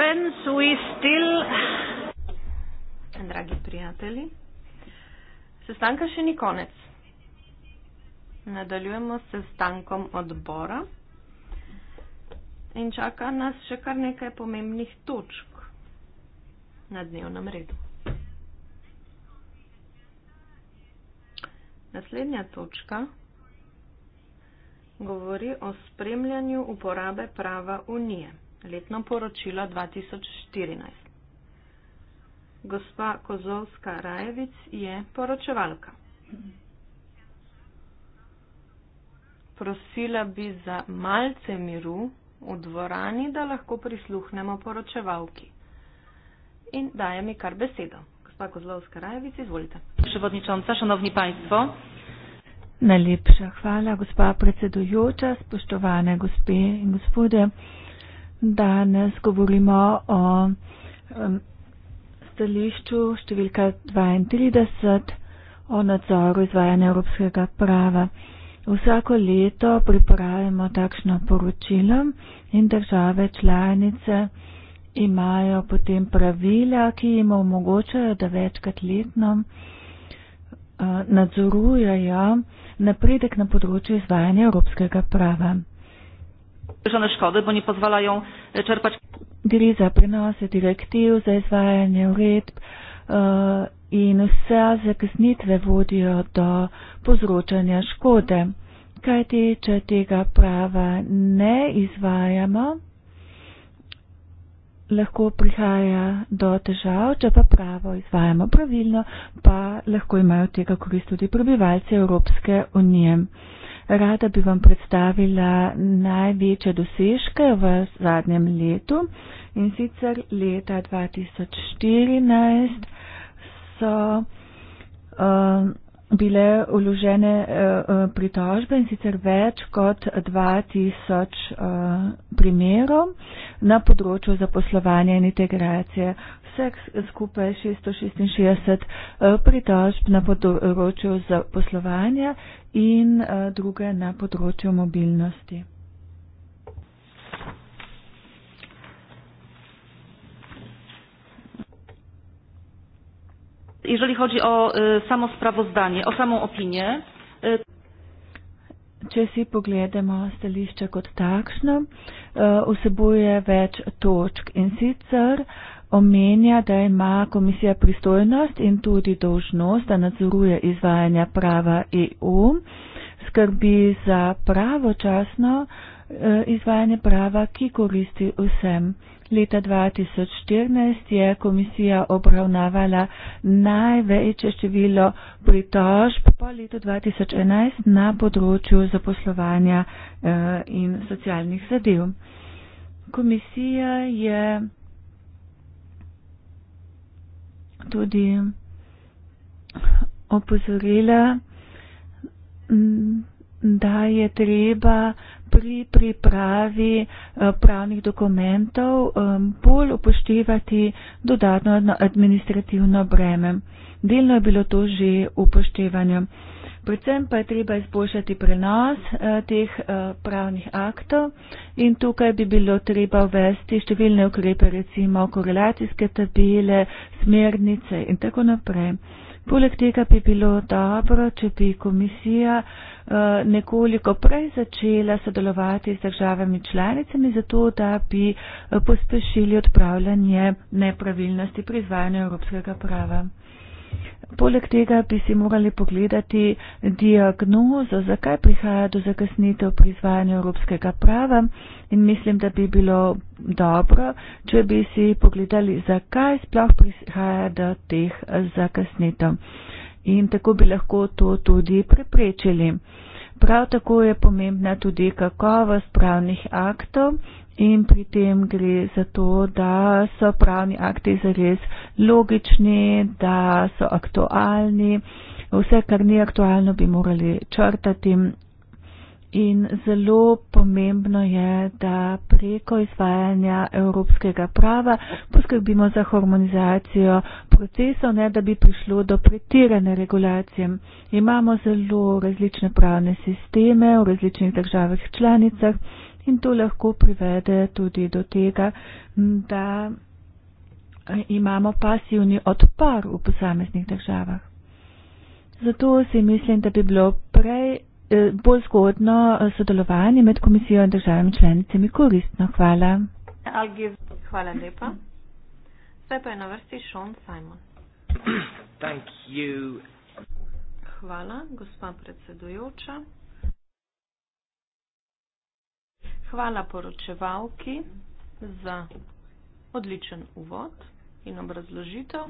friends, we still... Dragi prijatelji, sestanka še ni konec. Nadaljujemo s sestankom odbora in čaka nas še kar nekaj pomembnih točk na dnevnem redu. Naslednja točka govori o spremljanju uporabe prava Unije letno poročilo 2014. Gospa Kozovska Rajevic je poročevalka. Prosila bi za malce miru v dvorani, da lahko prisluhnemo poročevalki. In daje mi kar besedo. Gospa Kozlovska Rajevic, izvolite. Prevodničanca, šanovni państvo. Najlepša hvala, gospa predsedujoča, spoštovane gospe in gospode. Danes govorimo o um, stališču številka 32 o nadzoru izvajanja evropskega prava. Vsako leto pripravimo takšno poročilo in države članice imajo potem pravila, ki jim omogočajo, da večkrat letno uh, nadzorujejo napredek na področju izvajanja evropskega prava wyrażone szkody, bo nie pozwalają e, czerpać. Griza przynosi dyrektyw za zwajanie rytm i wszystkie zakznitwy wódzą do pozruczenia szkody. Kiedy tego prawa nie izwajamo, lahko prihaja do težav, če pa pravo izvajamo pravilno, pa lahko imajo tega korist tudi prebivalci Evropske unije. Rada bi vam predstavila največje dosežke v zadnjem letu in sicer leta 2014 so. Uh, bile uložene eh, eh, pritožbe in sicer več kot 2000 eh, primerov na področju zaposlovanja in integracije. Vseh skupaj 666 pritožb na področju zaposlovanja in druge na področju mobilnosti. jeżeli chodzi o e, samo sprawozdanie, o samą opinię. E, Če si pogledamo stališče kot takšno, e, vsebuje več točk in sicer omenja, da ima komisija pristojnost in tudi dožnost, da nadzoruje izvajanje prava EU, skrbi za pravočasno izvajanje prava, ki koristi vsem Leta 2014 je komisija obravnavala največje število pritožb po letu 2011 na področju zaposlovanja eh, in socialnih zadev. Komisija je tudi opozorila, da je treba pri pripravi eh, pravnih dokumentov bolj upoštevati dodatno administrativno breme. Delno je bilo to že upoštevanje. Predvsem pa je treba izboljšati prenos eh, teh eh, pravnih aktov in tukaj bi bilo treba uvesti številne ukrepe, recimo korelacijske tabele, smernice in tako naprej. Poleg tega bi bilo dobro, če bi komisija Eh, nekoliko prej začela sodelovati z državami članicami, zato da bi eh, pospešili odpravljanje nepravilnosti pri izvajanju evropskega prava. Poleg tega bi si morali pogledati diagnozo, zakaj prihaja do zakasnitev pri izvajanju evropskega prava in mislim, da bi bilo dobro, če bi si pogledali, zakaj sploh prihaja do teh zakasnitev in tako bi lahko to tudi preprečili. Prav tako je pomembna tudi kakovost pravnih aktov in pri tem gre za to, da so pravni akti zares logični, da so aktualni. Vse, kar ni aktualno, bi morali črtati In zelo pomembno je, da preko izvajanja evropskega prava poskrbimo za harmonizacijo procesov, ne da bi prišlo do pretirane regulacije. Imamo zelo različne pravne sisteme v različnih državah članicah in to lahko privede tudi do tega, da imamo pasivni odpor v posameznih državah. Zato si mislim, da bi bilo prej Eh, bolj zgodno eh, sodelovanje med komisijo in državami članicami koristno. Hvala. Hvala lepa. Zdaj pa je na vrsti Sean Simon. Thank you. Hvala, gospa predsedujoča. Hvala poročevalki za odličen uvod in obrazložitev.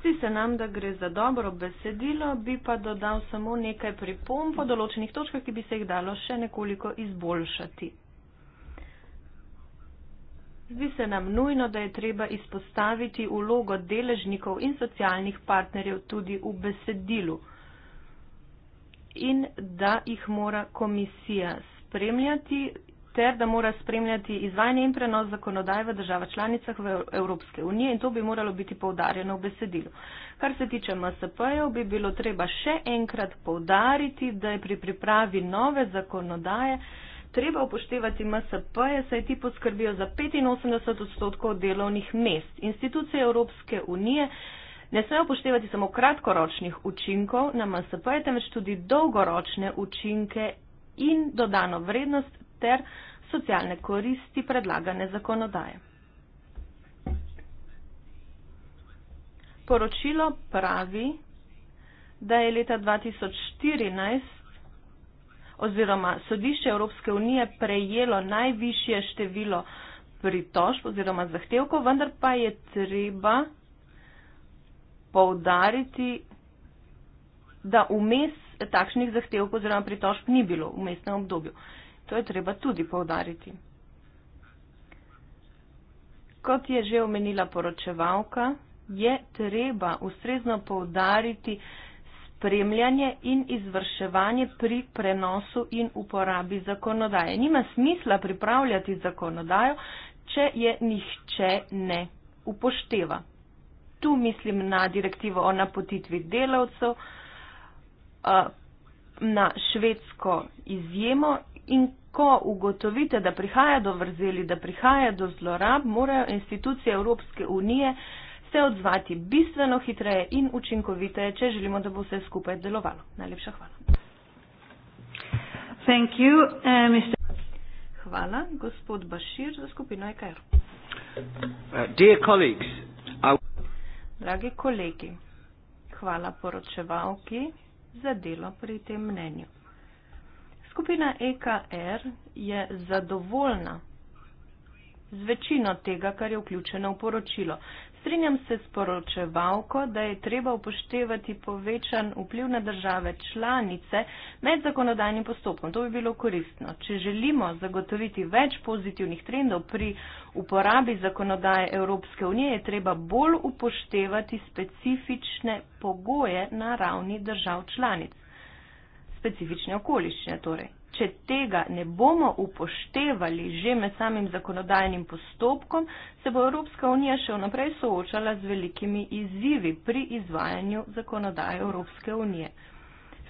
Zdi se nam, da gre za dobro besedilo, bi pa dodal samo nekaj pripomb po določenih točkah, ki bi se jih dalo še nekoliko izboljšati. Zdi se nam nujno, da je treba izpostaviti ulogo deležnikov in socialnih partnerjev tudi v besedilu in da jih mora komisija spremljati ter da mora spremljati izvajanje in prenos zakonodaje v državah članicah v Evropske unije in to bi moralo biti povdarjeno v besedilu. Kar se tiče MSP-jev, bi bilo treba še enkrat povdariti, da je pri pripravi nove zakonodaje treba upoštevati MSP-je, saj ti poskrbijo za 85 odstotkov delovnih mest. Institucije Evropske unije ne smejo upoštevati samo kratkoročnih učinkov na MSP-je, temveč tudi dolgoročne učinke in dodano vrednost ter socialne koristi predlagane zakonodaje. Poročilo pravi, da je leta 2014 oziroma sodišče Evropske unije prejelo najvišje število pritožb oziroma zahtevkov, vendar pa je treba poudariti, da vmes takšnih zahtevkov oziroma pritožb ni bilo v mestnem obdobju. To je treba tudi povdariti. Kot je že omenila poročevalka, je treba ustrezno povdariti spremljanje in izvrševanje pri prenosu in uporabi zakonodaje. Nima smisla pripravljati zakonodajo, če je nihče ne upošteva. Tu mislim na direktivo o napotitvi delavcev, eh, na švedsko izjemo In ko ugotovite, da prihaja do vrzeli, da prihaja do zlorab, morajo institucije Evropske unije se odzvati bistveno hitreje in učinkoviteje, če želimo, da bo vse skupaj delovalo. Najlepša hvala. Thank you, uh, eh, Mr. Hvala, gospod Bashir, za skupino EKR. Uh, dear colleagues, I... Dragi kolegi, hvala poročevalki za delo pri tem mnenju. Skupina EKR er je zadovoljna z večino tega, kar je vključeno v poročilo. Strinjam se s poročevalko, da je treba upoštevati povečan vpliv na države članice med zakonodajnim postopkom. To bi bilo koristno. Če želimo zagotoviti več pozitivnih trendov pri uporabi zakonodaje Evropske unije, je treba bolj upoštevati specifične pogoje na ravni držav članic specifične okoliščine. Torej. Če tega ne bomo upoštevali že med samim zakonodajnim postopkom, se bo Evropska unija še vnaprej soočala z velikimi izzivi pri izvajanju zakonodaje Evropske unije.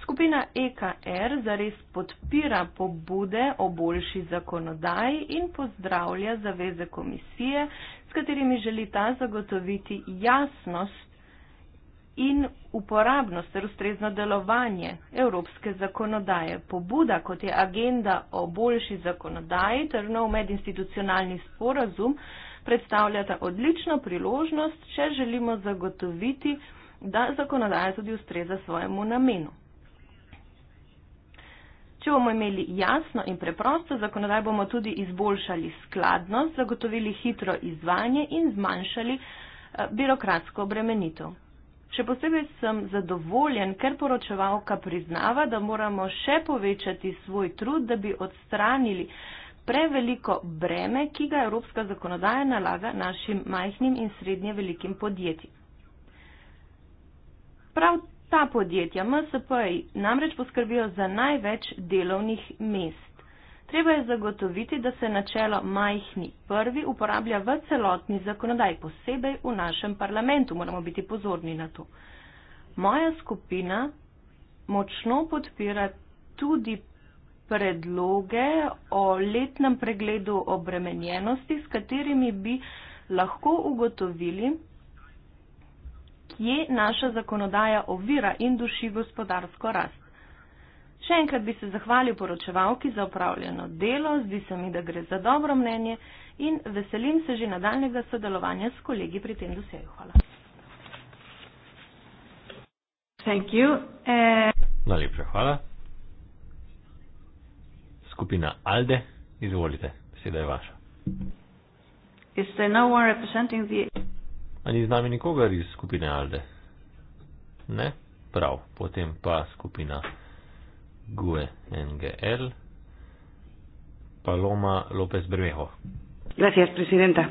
Skupina EKR zares podpira pobude o boljši zakonodaji in pozdravlja zaveze komisije, s katerimi želi ta zagotoviti jasnost in uporabnost ter ustrezno delovanje evropske zakonodaje. Pobuda, kot je agenda o boljši zakonodaji ter nov medinstitucionalni sporazum, predstavljata odlično priložnost, če želimo zagotoviti, da zakonodaja tudi ustreza svojemu namenu. Če bomo imeli jasno in preprosto zakonodaj, bomo tudi izboljšali skladnost, zagotovili hitro izvanje in zmanjšali eh, birokratsko obremenitev. Še posebej sem zadovoljen, ker poročevalka priznava, da moramo še povečati svoj trud, da bi odstranili preveliko breme, ki ga evropska zakonodaja nalaga našim majhnim in srednje velikim podjetjem. Prav ta podjetja MSP namreč poskrbijo za največ delovnih mest. Treba je zagotoviti, da se načelo majhni prvi uporablja v celotni zakonodaj, posebej v našem parlamentu. Moramo biti pozorni na to. Moja skupina močno podpira tudi predloge o letnem pregledu obremenjenosti, s katerimi bi lahko ugotovili, kje naša zakonodaja ovira in duši gospodarsko rast. Še enkrat bi se zahvalil poročevalki za upravljeno delo, zdi se mi, da gre za dobro mnenje in veselim se že nadaljnega sodelovanja s kolegi pri tem dosegu. Hvala. Thank you. Eh... Najlepša hvala. Skupina Alde, izvolite, beseda je vaša. Is there no one representing the... A ni z nami nikogar iz skupine Alde? Ne? Prav, potem pa skupina Alde. GUE NGL, Paloma López Bermejo. Gracias, presidenta.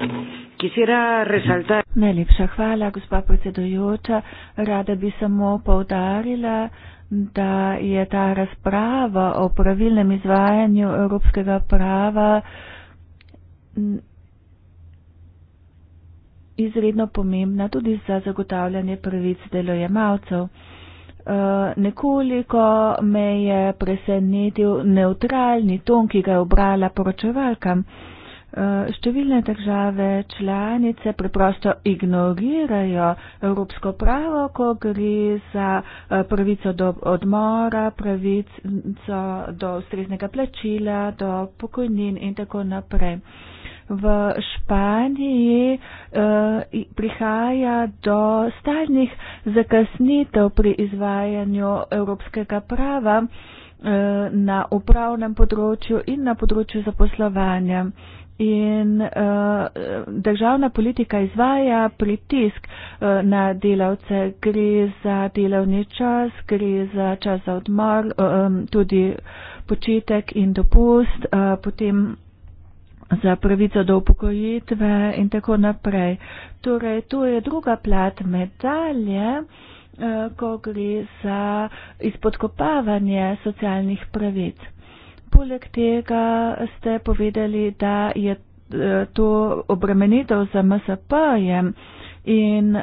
Quisiera resaltar. Najlepša hvala, gospa predsedujoča. Rada bi samo povdarila, da je ta razprava o pravilnem izvajanju evropskega prava izredno pomembna tudi za zagotavljanje pravic delojemalcev. Eh, nekoliko me je presenetil neutralni ton, ki ga je obrala poročevalka. Eh, številne države članice preprosto ignorirajo evropsko pravo, ko gre za eh, pravico do odmora, pravico do ustreznega plačila, do pokojnin in tako naprej v Španiji eh, prihaja do stalnih zakasnitev pri izvajanju evropskega prava eh, na upravnem področju in na področju zaposlovanja. In uh, državna politika izvaja pritisk uh, na delavce, gre za delovni čas, gre za čas za odmor, uh, tudi počitek in dopust, uh, potem za pravico do upokojitve in tako naprej. Torej, to je druga plat medalje, eh, ko gre za izpodkopavanje socialnih pravic. Poleg tega ste povedali, da je eh, to obremenitev za MSP-jem in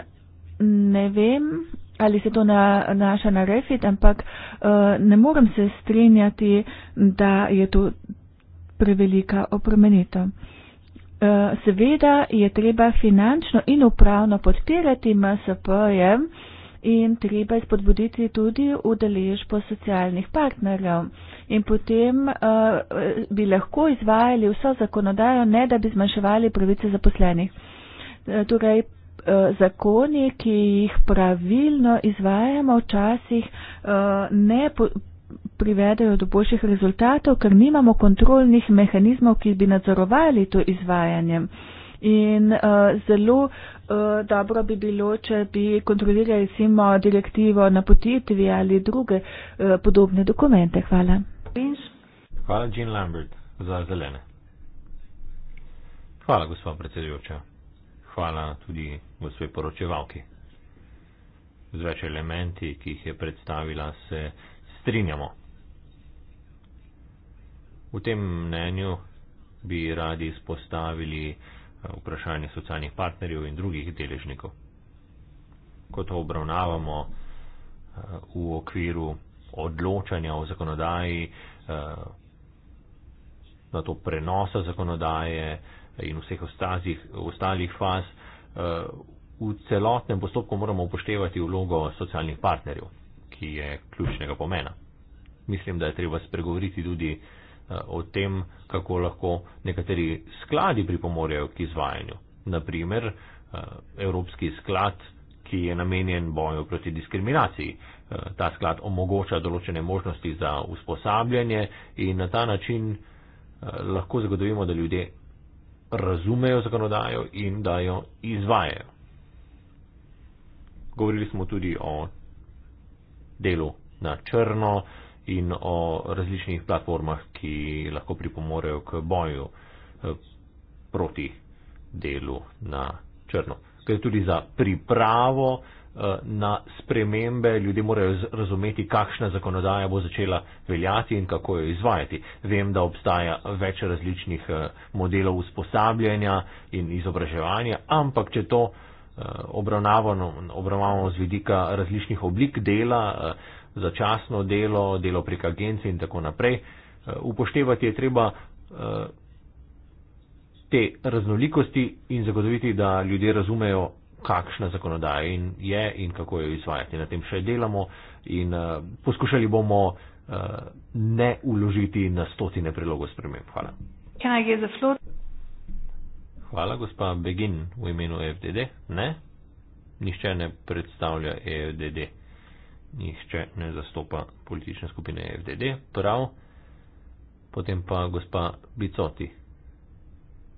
ne vem, ali se to nanaša na refit, ampak eh, ne morem se strinjati, da je to prevelika opremenitev. Eh, seveda je treba finančno in upravno podpirati MSP-je in treba izpodbuditi tudi udeležbo socialnih partnerjev. In potem eh, bi lahko izvajali vso zakonodajo, ne da bi zmanjševali pravice zaposlenih. Eh, torej, zakoni, ki jih pravilno izvajamo, včasih ne. Po, privedejo do boljših rezultatov, ker nimamo kontrolnih mehanizmov, ki bi nadzorovali to izvajanje. In uh, zelo uh, dobro bi bilo, če bi kontrolirali recimo direktivo na potitvi ali druge uh, podobne dokumente. Hvala. Hvala, Jean Lambert, za zelene. Hvala, gospod predsedujoča. Hvala tudi gospod poročevalki. Z več elementi, ki jih je predstavila, se strinjamo. V tem mnenju bi radi izpostavili eh, vprašanje socialnih partnerjev in drugih deležnikov. Ko to obravnavamo eh, v okviru odločanja o zakonodaji, eh, na to prenosa zakonodaje in vseh ostazih, ostalih faz, v celotnem postopku moramo upoštevati vlogo socialnih partnerjev, ki je ključnega pomena. Mislim, da je treba spregovoriti tudi Eh, o tem, kako lahko nekateri skladi pripomorejo k izvajanju. Naprimer, eh, Evropski sklad, ki je namenjen boju proti diskriminaciji. Eh, ta sklad omogoča določene možnosti za usposabljanje in na ta način lahko zagotovimo, da ljudje razumejo zakonodajo in da jo izvajajo. Govorili smo tudi o delu na črno, in o različnih platformah, ki lahko pripomorejo k boju eh, proti delu na črno. Gre tudi za pripravo eh, na spremembe, ljudje morajo razumeti, kakšna zakonodaja bo začela veljati in kako jo izvajati. Vem, da obstaja več različnih eh, modelov usposabljanja in izobraževanja, ampak če to obravnavamo z vidika različnih oblik dela, začasno delo, delo prek agencij in tako naprej. Eh, upoštevati je treba eh, te raznolikosti in zagotoviti, da ljudje razumejo, kakšna zakonodaja in je in kako jo izvajati. Na tem še delamo in eh, poskušali bomo ne uložiti na stotine prilogov sprememb. Hvala. Hvala, gospa Begin, v imenu e FDD. Ne? Nihče ne predstavlja EFDD nihče ne zastopa politične skupine FDD, prav, potem pa gospa Bicoti,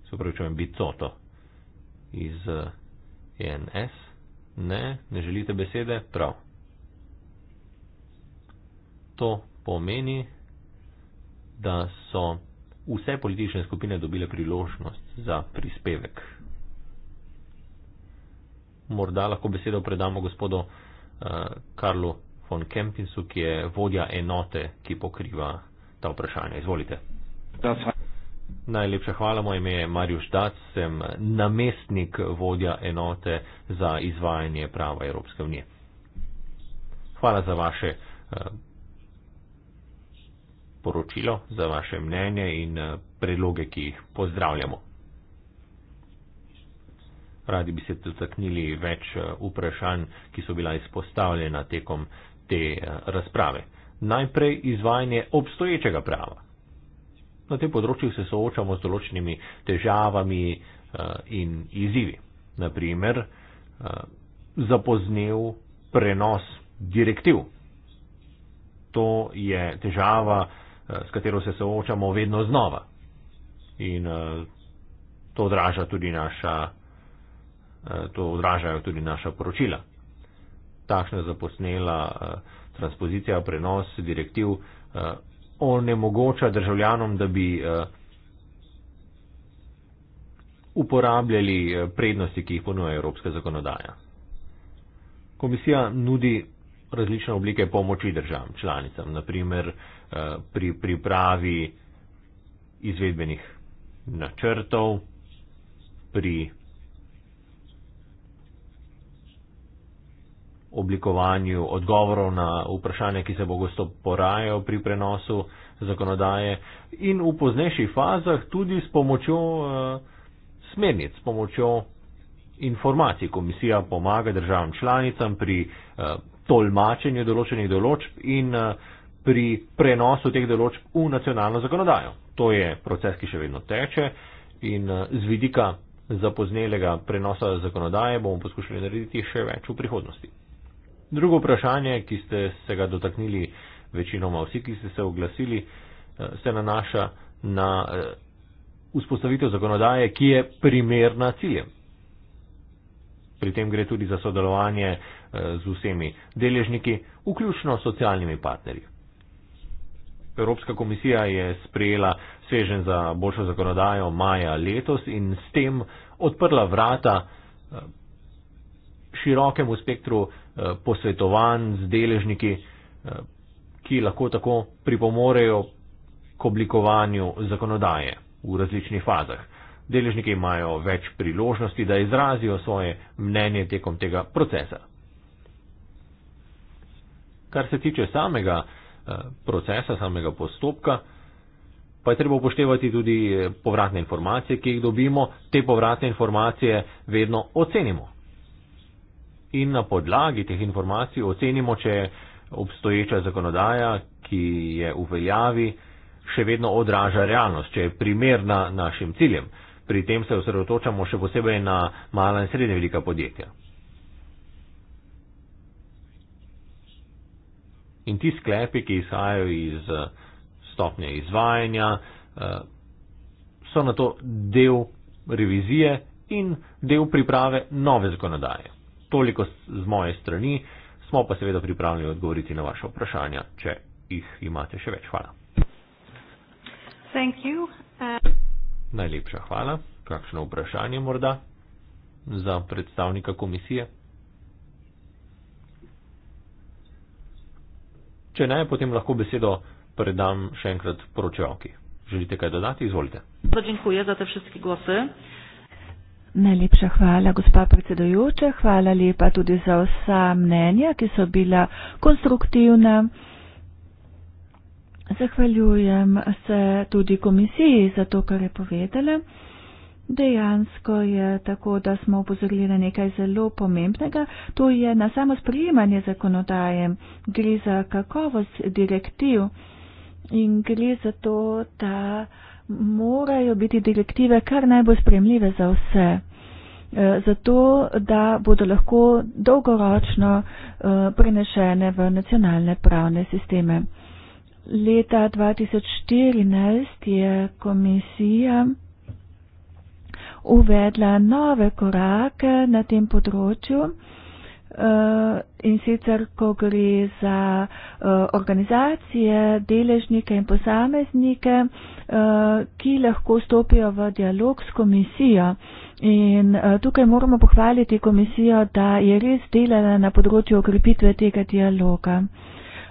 se upravičujem, Bicoto iz ENS, eh, e ne, ne želite besede, prav. To pomeni, da so vse politične skupine dobile priložnost za prispevek. Morda lahko besedo predamo gospodu. Eh, Karlu von Kempinsu, ki je vodja enote, ki pokriva ta vprašanja. Izvolite. Najlepša hvala, moje ime je Marjuš Dac, sem namestnik vodja enote za izvajanje prava Evropske unije. Hvala za vaše eh, poročilo, za vaše mnenje in eh, predloge, ki jih pozdravljamo radi bi se dotaknili več eh, vprašanj, ki so bila izpostavljena tekom te eh, razprave. Najprej izvajanje obstoječega prava. Na tem področju se soočamo z določenimi težavami eh, in izzivi. Naprimer, zapoznev prenos direktiv. To je težava, s katero se soočamo vedno znova. In to odraža tudi naša Eh, to odražajo tudi naša poročila. Takšna zaposnela eh, transpozicija, prenos direktiv eh, onemogoča državljanom, da bi uporabljali prednosti, ki jih ponuja evropska zakonodaja. Komisija nudi različne oblike pomoči državam članicam, naprimer pri pripravi izvedbenih načrtov, pri oblikovanju odgovorov na vprašanja, ki se bogosto porajajo pri prenosu zakonodaje in v poznejših fazah tudi s pomočjo uh, smernic, s pomočjo informacij. Komisija pomaga državam članicam pri uh, tolmačenju določenih določb in uh, pri prenosu teh določb v nacionalno zakonodajo. To je proces, ki še vedno teče in uh, z vidika zapoznelega prenosa zakonodaje bomo poskušali narediti še več v prihodnosti. Drugo vprašanje, ki ste se ga dotaknili večinoma vsi, ki ste se oglasili, eh, se nanaša na eh, vzpostavitev zakonodaje, ki je primerna ciljem. Pri tem gre tudi za sodelovanje eh, z vsemi deležniki, vključno s socialnimi partnerji. Evropska komisija je sprejela svežen za boljšo zakonodajo maja letos in s tem odprla vrata širokemu spektru posvetovanj z deležniki, eh, ki lahko tako pripomorejo k oblikovanju zakonodaje v različnih fazah. Deležniki imajo več priložnosti, da izrazijo svoje mnenje tekom tega procesa. Kar se tiče samega eh, procesa, samega postopka, pa je treba upoštevati tudi eh, povratne informacije, ki jih dobimo. Te povratne informacije vedno ocenimo in na podlagi teh informacij ocenimo, če obstoječa zakonodaja, ki je v veljavi, še vedno odraža realnost, če je primerna našim ciljem. Pri tem se osredotočamo še posebej na mala in srednje velika podjetja. In ti sklepi, ki izhajajo iz eh, stopnje izvajanja, eh, so na to del revizije in del priprave nove zakonodaje toliko z moje strani, smo pa seveda pripravljeni odgovoriti na vaše vprašanja, če jih imate še več. Hvala. Uh, Najlepša hvala. Kakšno vprašanje morda za predstavnika komisije? Če ne, potem lahko besedo predam še enkrat poročevalki. Želite kaj dodati? Izvolite. Hvala, dziękuję za te wszystkie głosy. Najlepša hvala, gospa predsedojoča. Hvala lepa tudi za vsa mnenja, ki so bila konstruktivna. Zahvaljujem se tudi komisiji za to, kar je povedala. Dejansko je tako, da smo upozorili na nekaj zelo pomembnega. To je na samo sprejemanje zakonodaje. Gre za kakovost direktiv in gre za to, da morajo biti direktive kar najbolj spremljive za vse, eh, zato da bodo lahko dolgoročno eh, prenešene v nacionalne pravne sisteme. Leta 2014 je komisija uvedla nove korake na tem področju. Eh, in sicer, ko gre za eh, organizacije, deležnike in posameznike, eh, ki lahko stopijo v dialog s komisijo. In tukaj moramo pohvaliti komisijo, da je res delala na področju okrepitve tega dialoga.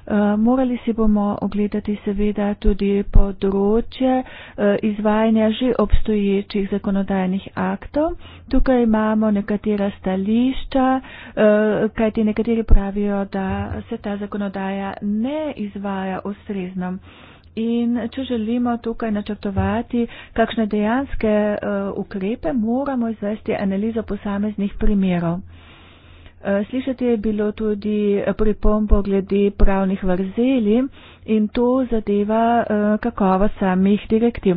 Eh, morali si bomo ogledati seveda tudi področje eh, izvajanja že obstoječih zakonodajnih aktov. Tukaj imamo nekatera stališča, eh, kajti nekateri pravijo, da se ta zakonodaja ne izvaja ustrezno. In če želimo tukaj načrtovati, kakšne dejanske uh, ukrepe, moramo izvesti analizo posameznih primerov. Eh, slišati je bilo tudi eh, pripombo glede pravnih vrzeli in to zadeva eh, kakovo samih direktiv.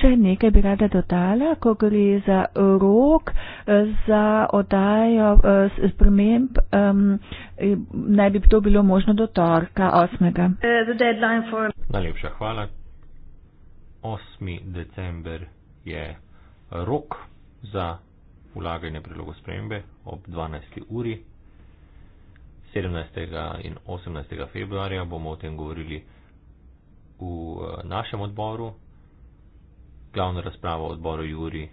Še nekaj bi rada dodala, ko gre za rok za odajo sprememb, naj bi to bilo možno do torka 8. For... Najlepša hvala. 8. december je rok za vlaganje predlogov spremembe ob 12. uri. 17. in 18. februarja bomo o tem govorili v eh, našem odboru. Glavna razprava v odboru Juri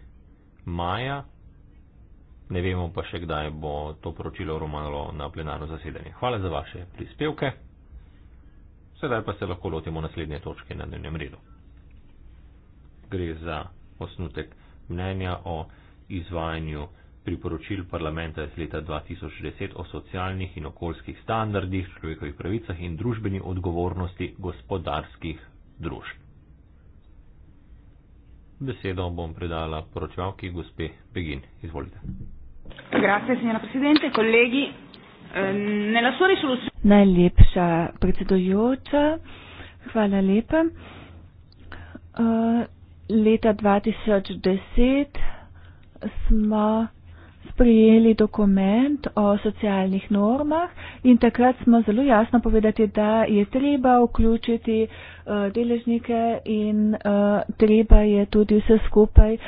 Maja. Ne vemo pa še, kdaj bo to poročilo romalo na plenarno zasedanje. Hvala za vaše prispevke. Sedaj pa se lahko lotimo naslednje točke na dnevnem redu. Gre za osnutek mnenja o izvajanju priporočil parlamenta iz leta 2010 o socialnih in okoljskih standardih, človekovih pravicah in družbeni odgovornosti gospodarskih družb. Besedo bom predala poročavki gospe Begin. Izvolite. Grazie, signora Presidente, kolegi. Eh, nella sua risoluzione... Najlepša predsedojoča, hvala lepa. Uh, leta 2010 smo sprijeli dokument o socialnih normah in takrat smo zelo jasno povedati, da je treba vključiti uh, deležnike in uh, treba je tudi vse skupaj uh,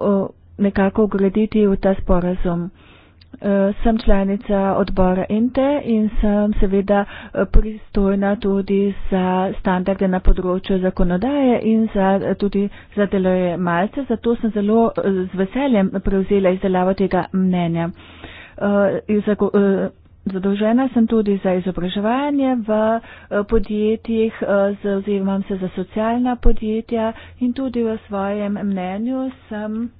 uh, nekako ugraditi v ta sporazum. Uh, Eh, sem članica odbora INTE in sem seveda eh, pristojna tudi za standarde na področju zakonodaje in za, eh, tudi za deloje malce, zato sem zelo z veseljem prevzela izdelavo tega mnenja. Zadolžena sem tudi za izobraževanje v podjetjih, zauzemam se za socialna podjetja in tudi v svojem mnenju sem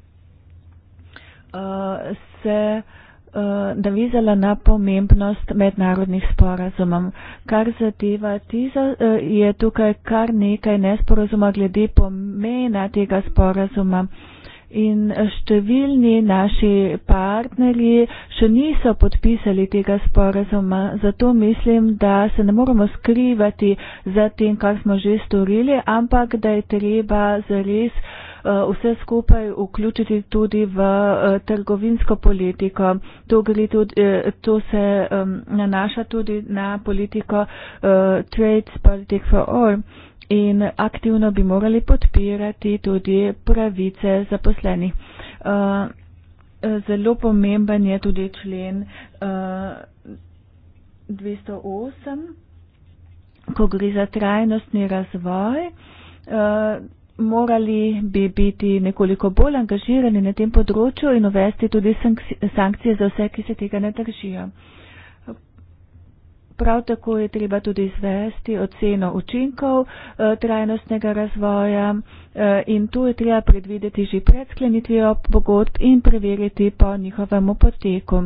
se uh, Eh, navizala na pomembnost mednarodnih sporazumov. Kar zadeva TISA, eh, je tukaj kar nekaj nesporazuma glede pomena tega sporazuma. In številni naši partnerji še niso podpisali tega sporazuma, zato mislim, da se ne moramo skrivati za tem, kar smo že storili, ampak da je treba zares uh, Eh, vse skupaj vključiti tudi v eh, trgovinsko politiko. To, tudi, eh, to se um, nanaša tudi na politiko uh, Trades Politic for All in aktivno bi morali podpirati tudi pravice zaposlenih. Uh, zelo pomemben je tudi člen uh, 208, ko gre za trajnostni razvoj. Uh, morali bi biti nekoliko bolj angažirani na tem področju in uvesti tudi sankcije za vse, ki se tega ne držijo. Prav tako je treba tudi izvesti oceno učinkov eh, trajnostnega razvoja eh, in tu je treba predvideti že pred sklenitvijo pogodb in preveriti po njihovem poteku.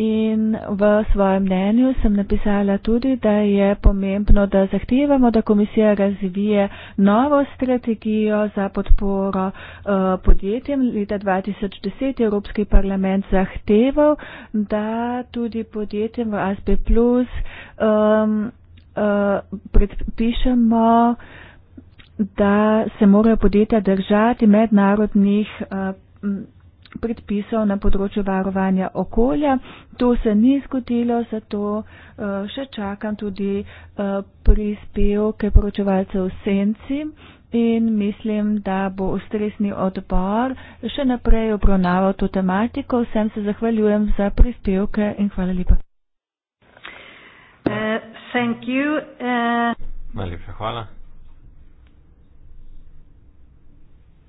In v svojem mnenju sem napisala tudi, da je pomembno, da zahtevamo, da komisija razvije novo strategijo za podporo uh, podjetjem. Leta 2010 je Evropski parlament zahteval, da tudi podjetjem v ASB Plus um, uh, predpišemo da se morajo podjetja držati mednarodnih uh, predpisov na področju varovanja okolja. To se ni zgodilo, zato eh, še čakam tudi eh, prispevke poročevalcev v senci in mislim, da bo ustresni odbor še naprej obravnaval to tematiko. Vsem se zahvaljujem za prispevke in hvala lepa. Uh, thank you. Uh... Najlepša hvala.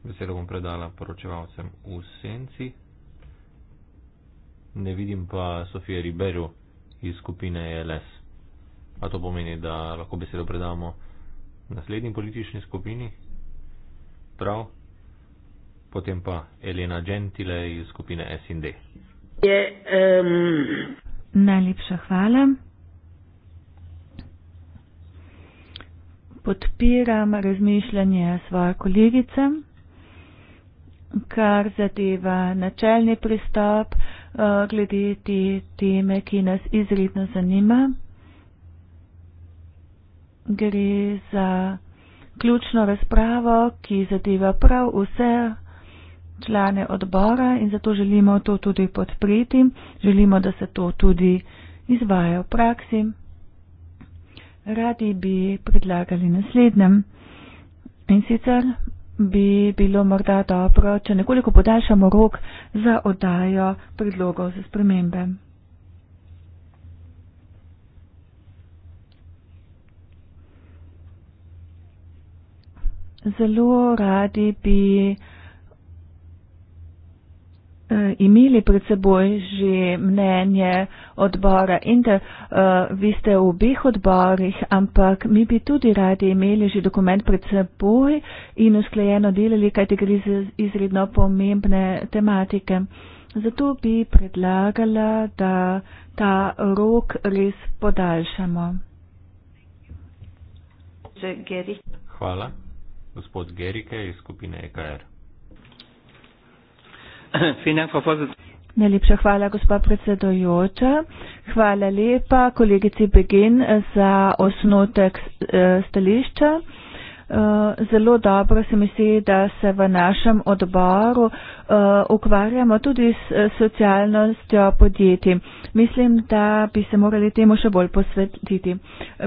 Veselo bom predala poročevalcem v senci. Ne vidim pa Sofije Ribežo iz skupine e LS. A to pomeni, da lahko besedo predamo naslednji politični skupini. Prav. Potem pa Elena Gentile iz skupine SND. Je, um... Najlepša hvala. Podpiram razmišljanje svoje kolegice kar zadeva načelni pristop eh, glede te teme, ki nas izredno zanima. Gre za ključno razpravo, ki zadeva prav vse člane odbora in zato želimo to tudi podpreti. Želimo, da se to tudi izvaja v praksi. Radi bi predlagali naslednjem. In sicer bi bilo morda dobro, če nekoliko podaljšamo rok za oddajo predlogov za spremembe. Zelo radi bi Eh, imeli pred seboj že mnenje odbora in da uh, eh, vi ste v obeh odborih, ampak mi bi tudi radi imeli že dokument pred seboj in usklajeno delali, kajti gre za izredno pomembne tematike. Zato bi predlagala, da ta rok res podaljšamo. Hvala. Gospod Gerike iz skupine EKR. Najlepša hvala, gospa predsedojoča. Hvala lepa kolegici Begin za osnotek eh, stališča. Eh, zelo dobro se mi zdi, da se v našem odboru eh, ukvarjamo tudi s socialnostjo podjetij. Mislim, da bi se morali temu še bolj posvetiti.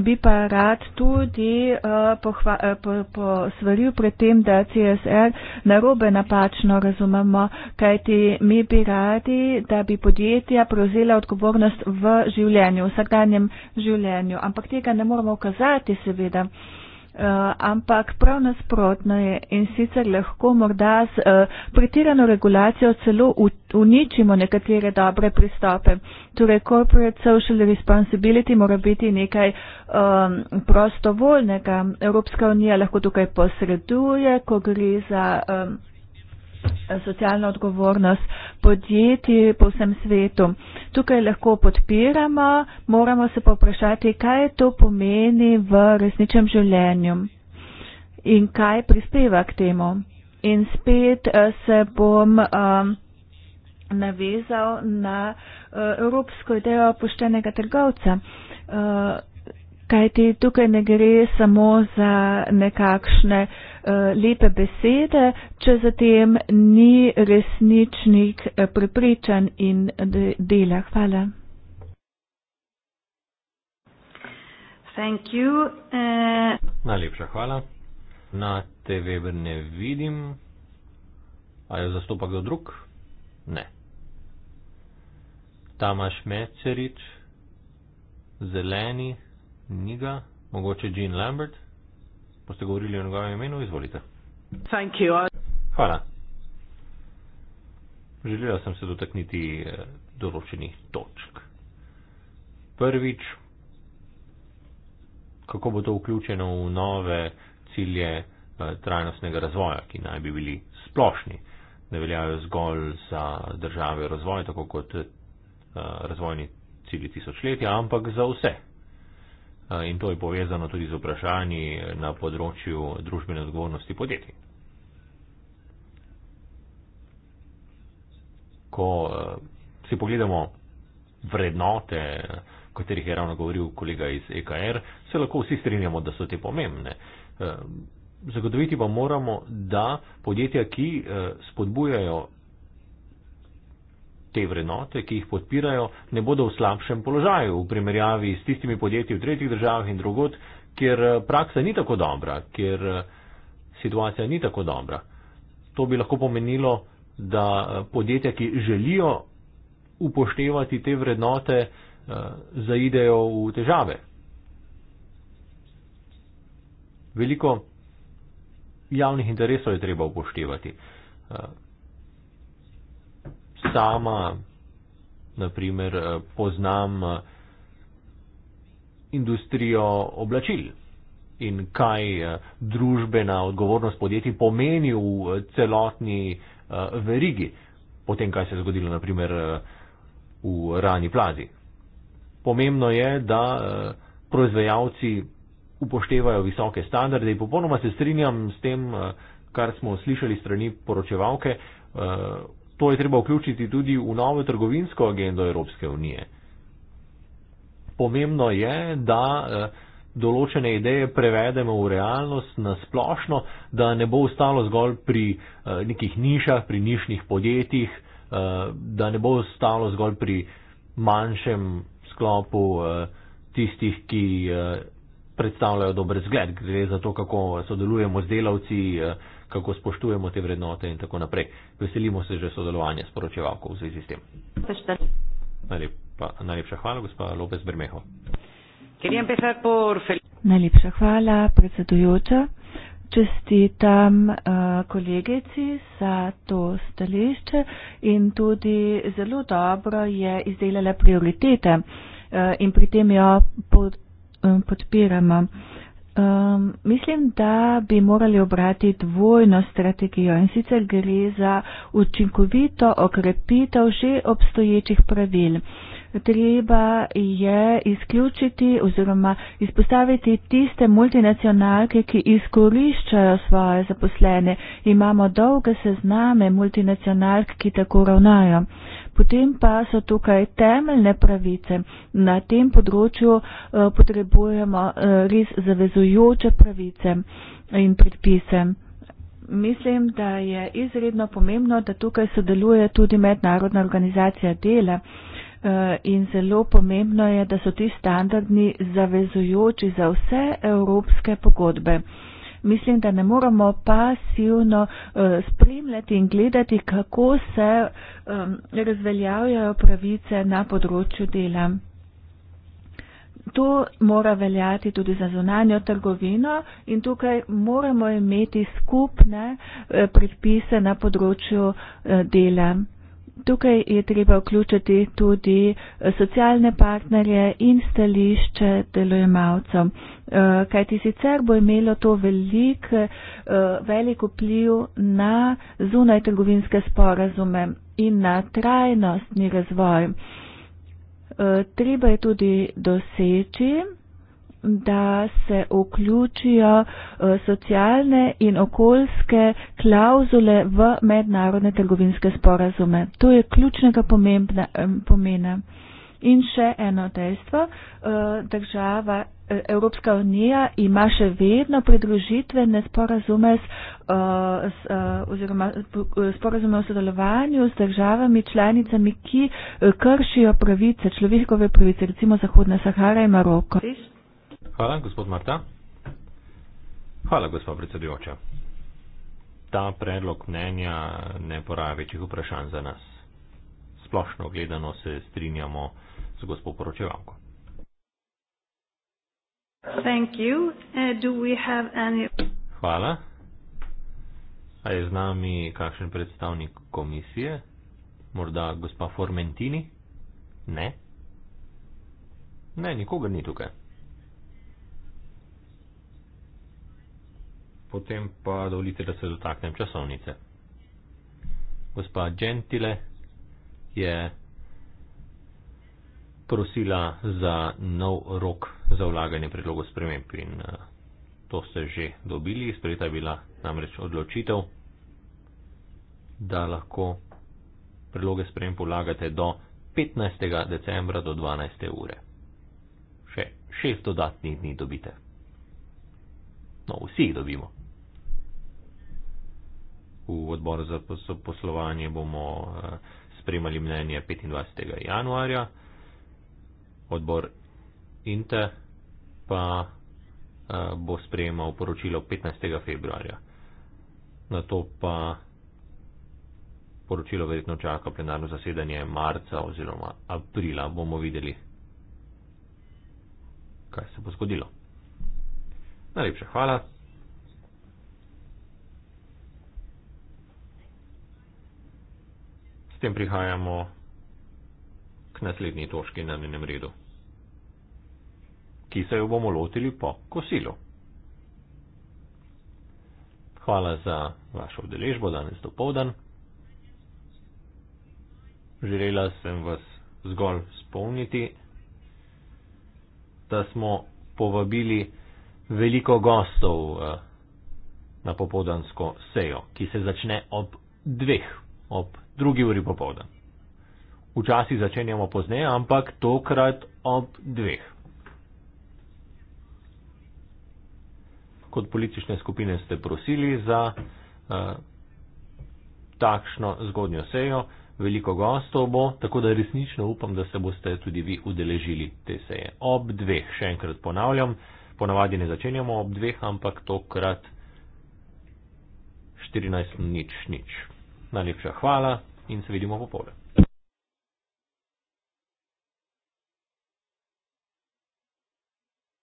Bi pa rad tudi eh, posvaril po, po pred tem, da CSR narobe napačno razumemo, kajti mi bi radi, da bi podjetja prevzela odgovornost v življenju, v vsakdanjem življenju. Ampak tega ne moramo ukazati, seveda. Eh, ampak prav nasprotno je in sicer lahko morda s eh, pretirano regulacijo celo uničimo nekatere dobre pristope. Torej, corporate social responsibility mora biti nekaj um, prostovoljnega. Evropska unija lahko tukaj posreduje, ko gre za. Um, socialna odgovornost podjetij po vsem svetu. Tukaj lahko podpiramo, moramo se pa vprašati, kaj to pomeni v resničnem življenju in kaj prispeva k temu. In spet eh, se bom um, navezal na uh, evropsko idejo poštenega trgovca. Uh, Kajti tukaj ne gre samo za nekakšne uh, lepe besede, če zatem ni resničnih uh, prepričanj in de dela. Hvala. Thank you. Uh... Najlepša hvala. Na TV ne vidim. A jo zastopa kdo drug? Ne. Tamaš Mecerič, zeleni. Niga, mogoče Jean Lambert. Boste govorili o njegovem imenu, izvolite. Hvala. Želela sem se dotakniti eh, določenih točk. Prvič, kako bo to vključeno v nove cilje eh, trajnostnega razvoja, ki naj bi bili splošni, ne veljajo zgolj za države razvoja, tako kot eh, razvojni cilji tisočletja, ampak za vse Eh, in to je povezano tudi z vprašanji na področju družbene odgovornosti podjetij. Ko eh, si pogledamo vrednote, o katerih je ravno govoril kolega iz EKR, se lahko vsi strinjamo, da so te pomembne. Eh, zagotoviti pa moramo, da podjetja, ki spodbujajo te vrednote, ki jih podpirajo, ne bodo v slabšem položaju v primerjavi s tistimi podjetji v tretjih državah in drugot, kjer eh, praksa ni tako dobra, kjer eh, situacija ni tako dobra. To bi lahko pomenilo, da eh, podjetja, ki želijo upoštevati te vrednote, zaidejo v težave. Veliko javnih interesov je treba upoštevati sama, naprimer, eh, poznam eh, industrijo oblačil in kaj eh, družbena odgovornost podjetij pomeni v celotni verigi, potem kaj se je zgodilo, naprimer, v rani plazi. Pomembno je, da proizvajalci upoštevajo visoke standarde in popolnoma se strinjam s tem, kar smo slišali strani poročevalke, To je treba vključiti tudi v novo trgovinsko agendo Evropske unije. Pomembno je, da eh, določene ideje prevedemo v realnost na splošno, da ne bo ostalo zgolj pri eh, nekih nišah, pri nišnih podjetjih, eh, da ne bo ostalo zgolj pri manjšem sklopu tistih, ki predstavljajo dober zgled. Gre za to, kako sodelujemo z delavci kako spoštujemo te vrednote in tako naprej. Veselimo se že sodelovanja s poročevalko v zvezi s tem. Najlepa, najlepša hvala, gospa Lopez Bermeho. Najlepša hvala, predsedujoča. Čestitam uh, kolegici za to stališče in tudi zelo dobro je izdelala prioritete uh, in pri tem jo pod, um, podpiramo. Um, mislim, da bi morali obrati dvojno strategijo in sicer gre za učinkovito okrepitev že obstoječih pravil. Treba je izključiti oziroma izpostaviti tiste multinacionalke, ki izkoriščajo svoje zaposlene. Imamo dolge sezname multinacionalk, ki tako ravnajo potem pa so tukaj temeljne pravice. Na tem področju eh, potrebujemo eh, res zavezujoče pravice in predpise. Mislim, da je izredno pomembno, da tukaj sodeluje tudi mednarodna organizacija dela eh, in zelo pomembno je, da so ti standardni zavezujoči za vse evropske pogodbe mislim, da ne moramo pasivno eh, spremljati in gledati, kako se razveljavljajo pravice na področju dela. To mora veljati tudi za zunanjo trgovino in tukaj moramo imeti skupne eh, predpise na področju eh, dela. Tukaj je treba vključiti tudi eh, socialne partnerje in stališče delojemalcev, eh, kajti sicer bo imelo to velik, eh, velik vpliv na zunaj trgovinske sporazume in na trajnostni razvoj. Treba je tudi doseči, da se vključijo eh, socialne in okoljske klauzule v mednarodne trgovinske sporazume. To je ključnega pomembna, pomena. In še eno dejstvo, eh, država eh, Evropska unija ima še vedno pridružitvene sporazume s, oziroma sporazume o sodelovanju s državami članicami, ki kršijo pravice, človekove pravice, recimo Zahodna Sahara in Maroko. Tist. Hvala, gospod Marta. Hvala, gospod predsedujoča. Ta predlog mnenja ne poraja večjih vprašanj za nas. Splošno gledano se strinjamo z gospod poročevalko. Uh, Hvala. A je z nami kakšen predstavnik komisije? Morda gospa Formentini? Ne. Ne, nikogar ni tukaj. potem pa dovolite, da se dotaknem časovnice. Gospa Gentile je prosila za nov rok za vlaganje predlogo sprememb in eh, to ste že dobili. Sprejeta je bila namreč odločitev, da lahko predloge sprememb vlagate do 15. decembra do 12. ure. Še šest dodatnih dni dobite. No, vsi jih dobimo v odboru za poslovanje bomo eh, spremali mnenje 25. januarja. Odbor INTE pa eh, bo spremal poročilo 15. februarja. Na to pa poročilo verjetno čaka plenarno zasedanje marca oziroma aprila. Bomo videli, kaj se bo zgodilo. Najlepša hvala. tem prihajamo k naslednji točki na njenem redu, ki se jo bomo lotili po kosilu. Hvala za vašo udeležbo danes do povdan. Želela sem vas zgolj spomniti, da smo povabili veliko gostov eh, na popodansko sejo, ki se začne ob dveh, ob 17.00 drugi uri popovdne. Včasih začenjamo pozneje, ampak tokrat ob dveh. Kot politične skupine ste prosili za uh, takšno zgodnjo sejo, veliko gostov bo, tako da resnično upam, da se boste tudi vi udeležili te seje. Ob dveh, še enkrat ponavljam, ponavadi ne začenjamo ob dveh, ampak tokrat 14 nič nič najlepša hvala in se vidimo popoldne.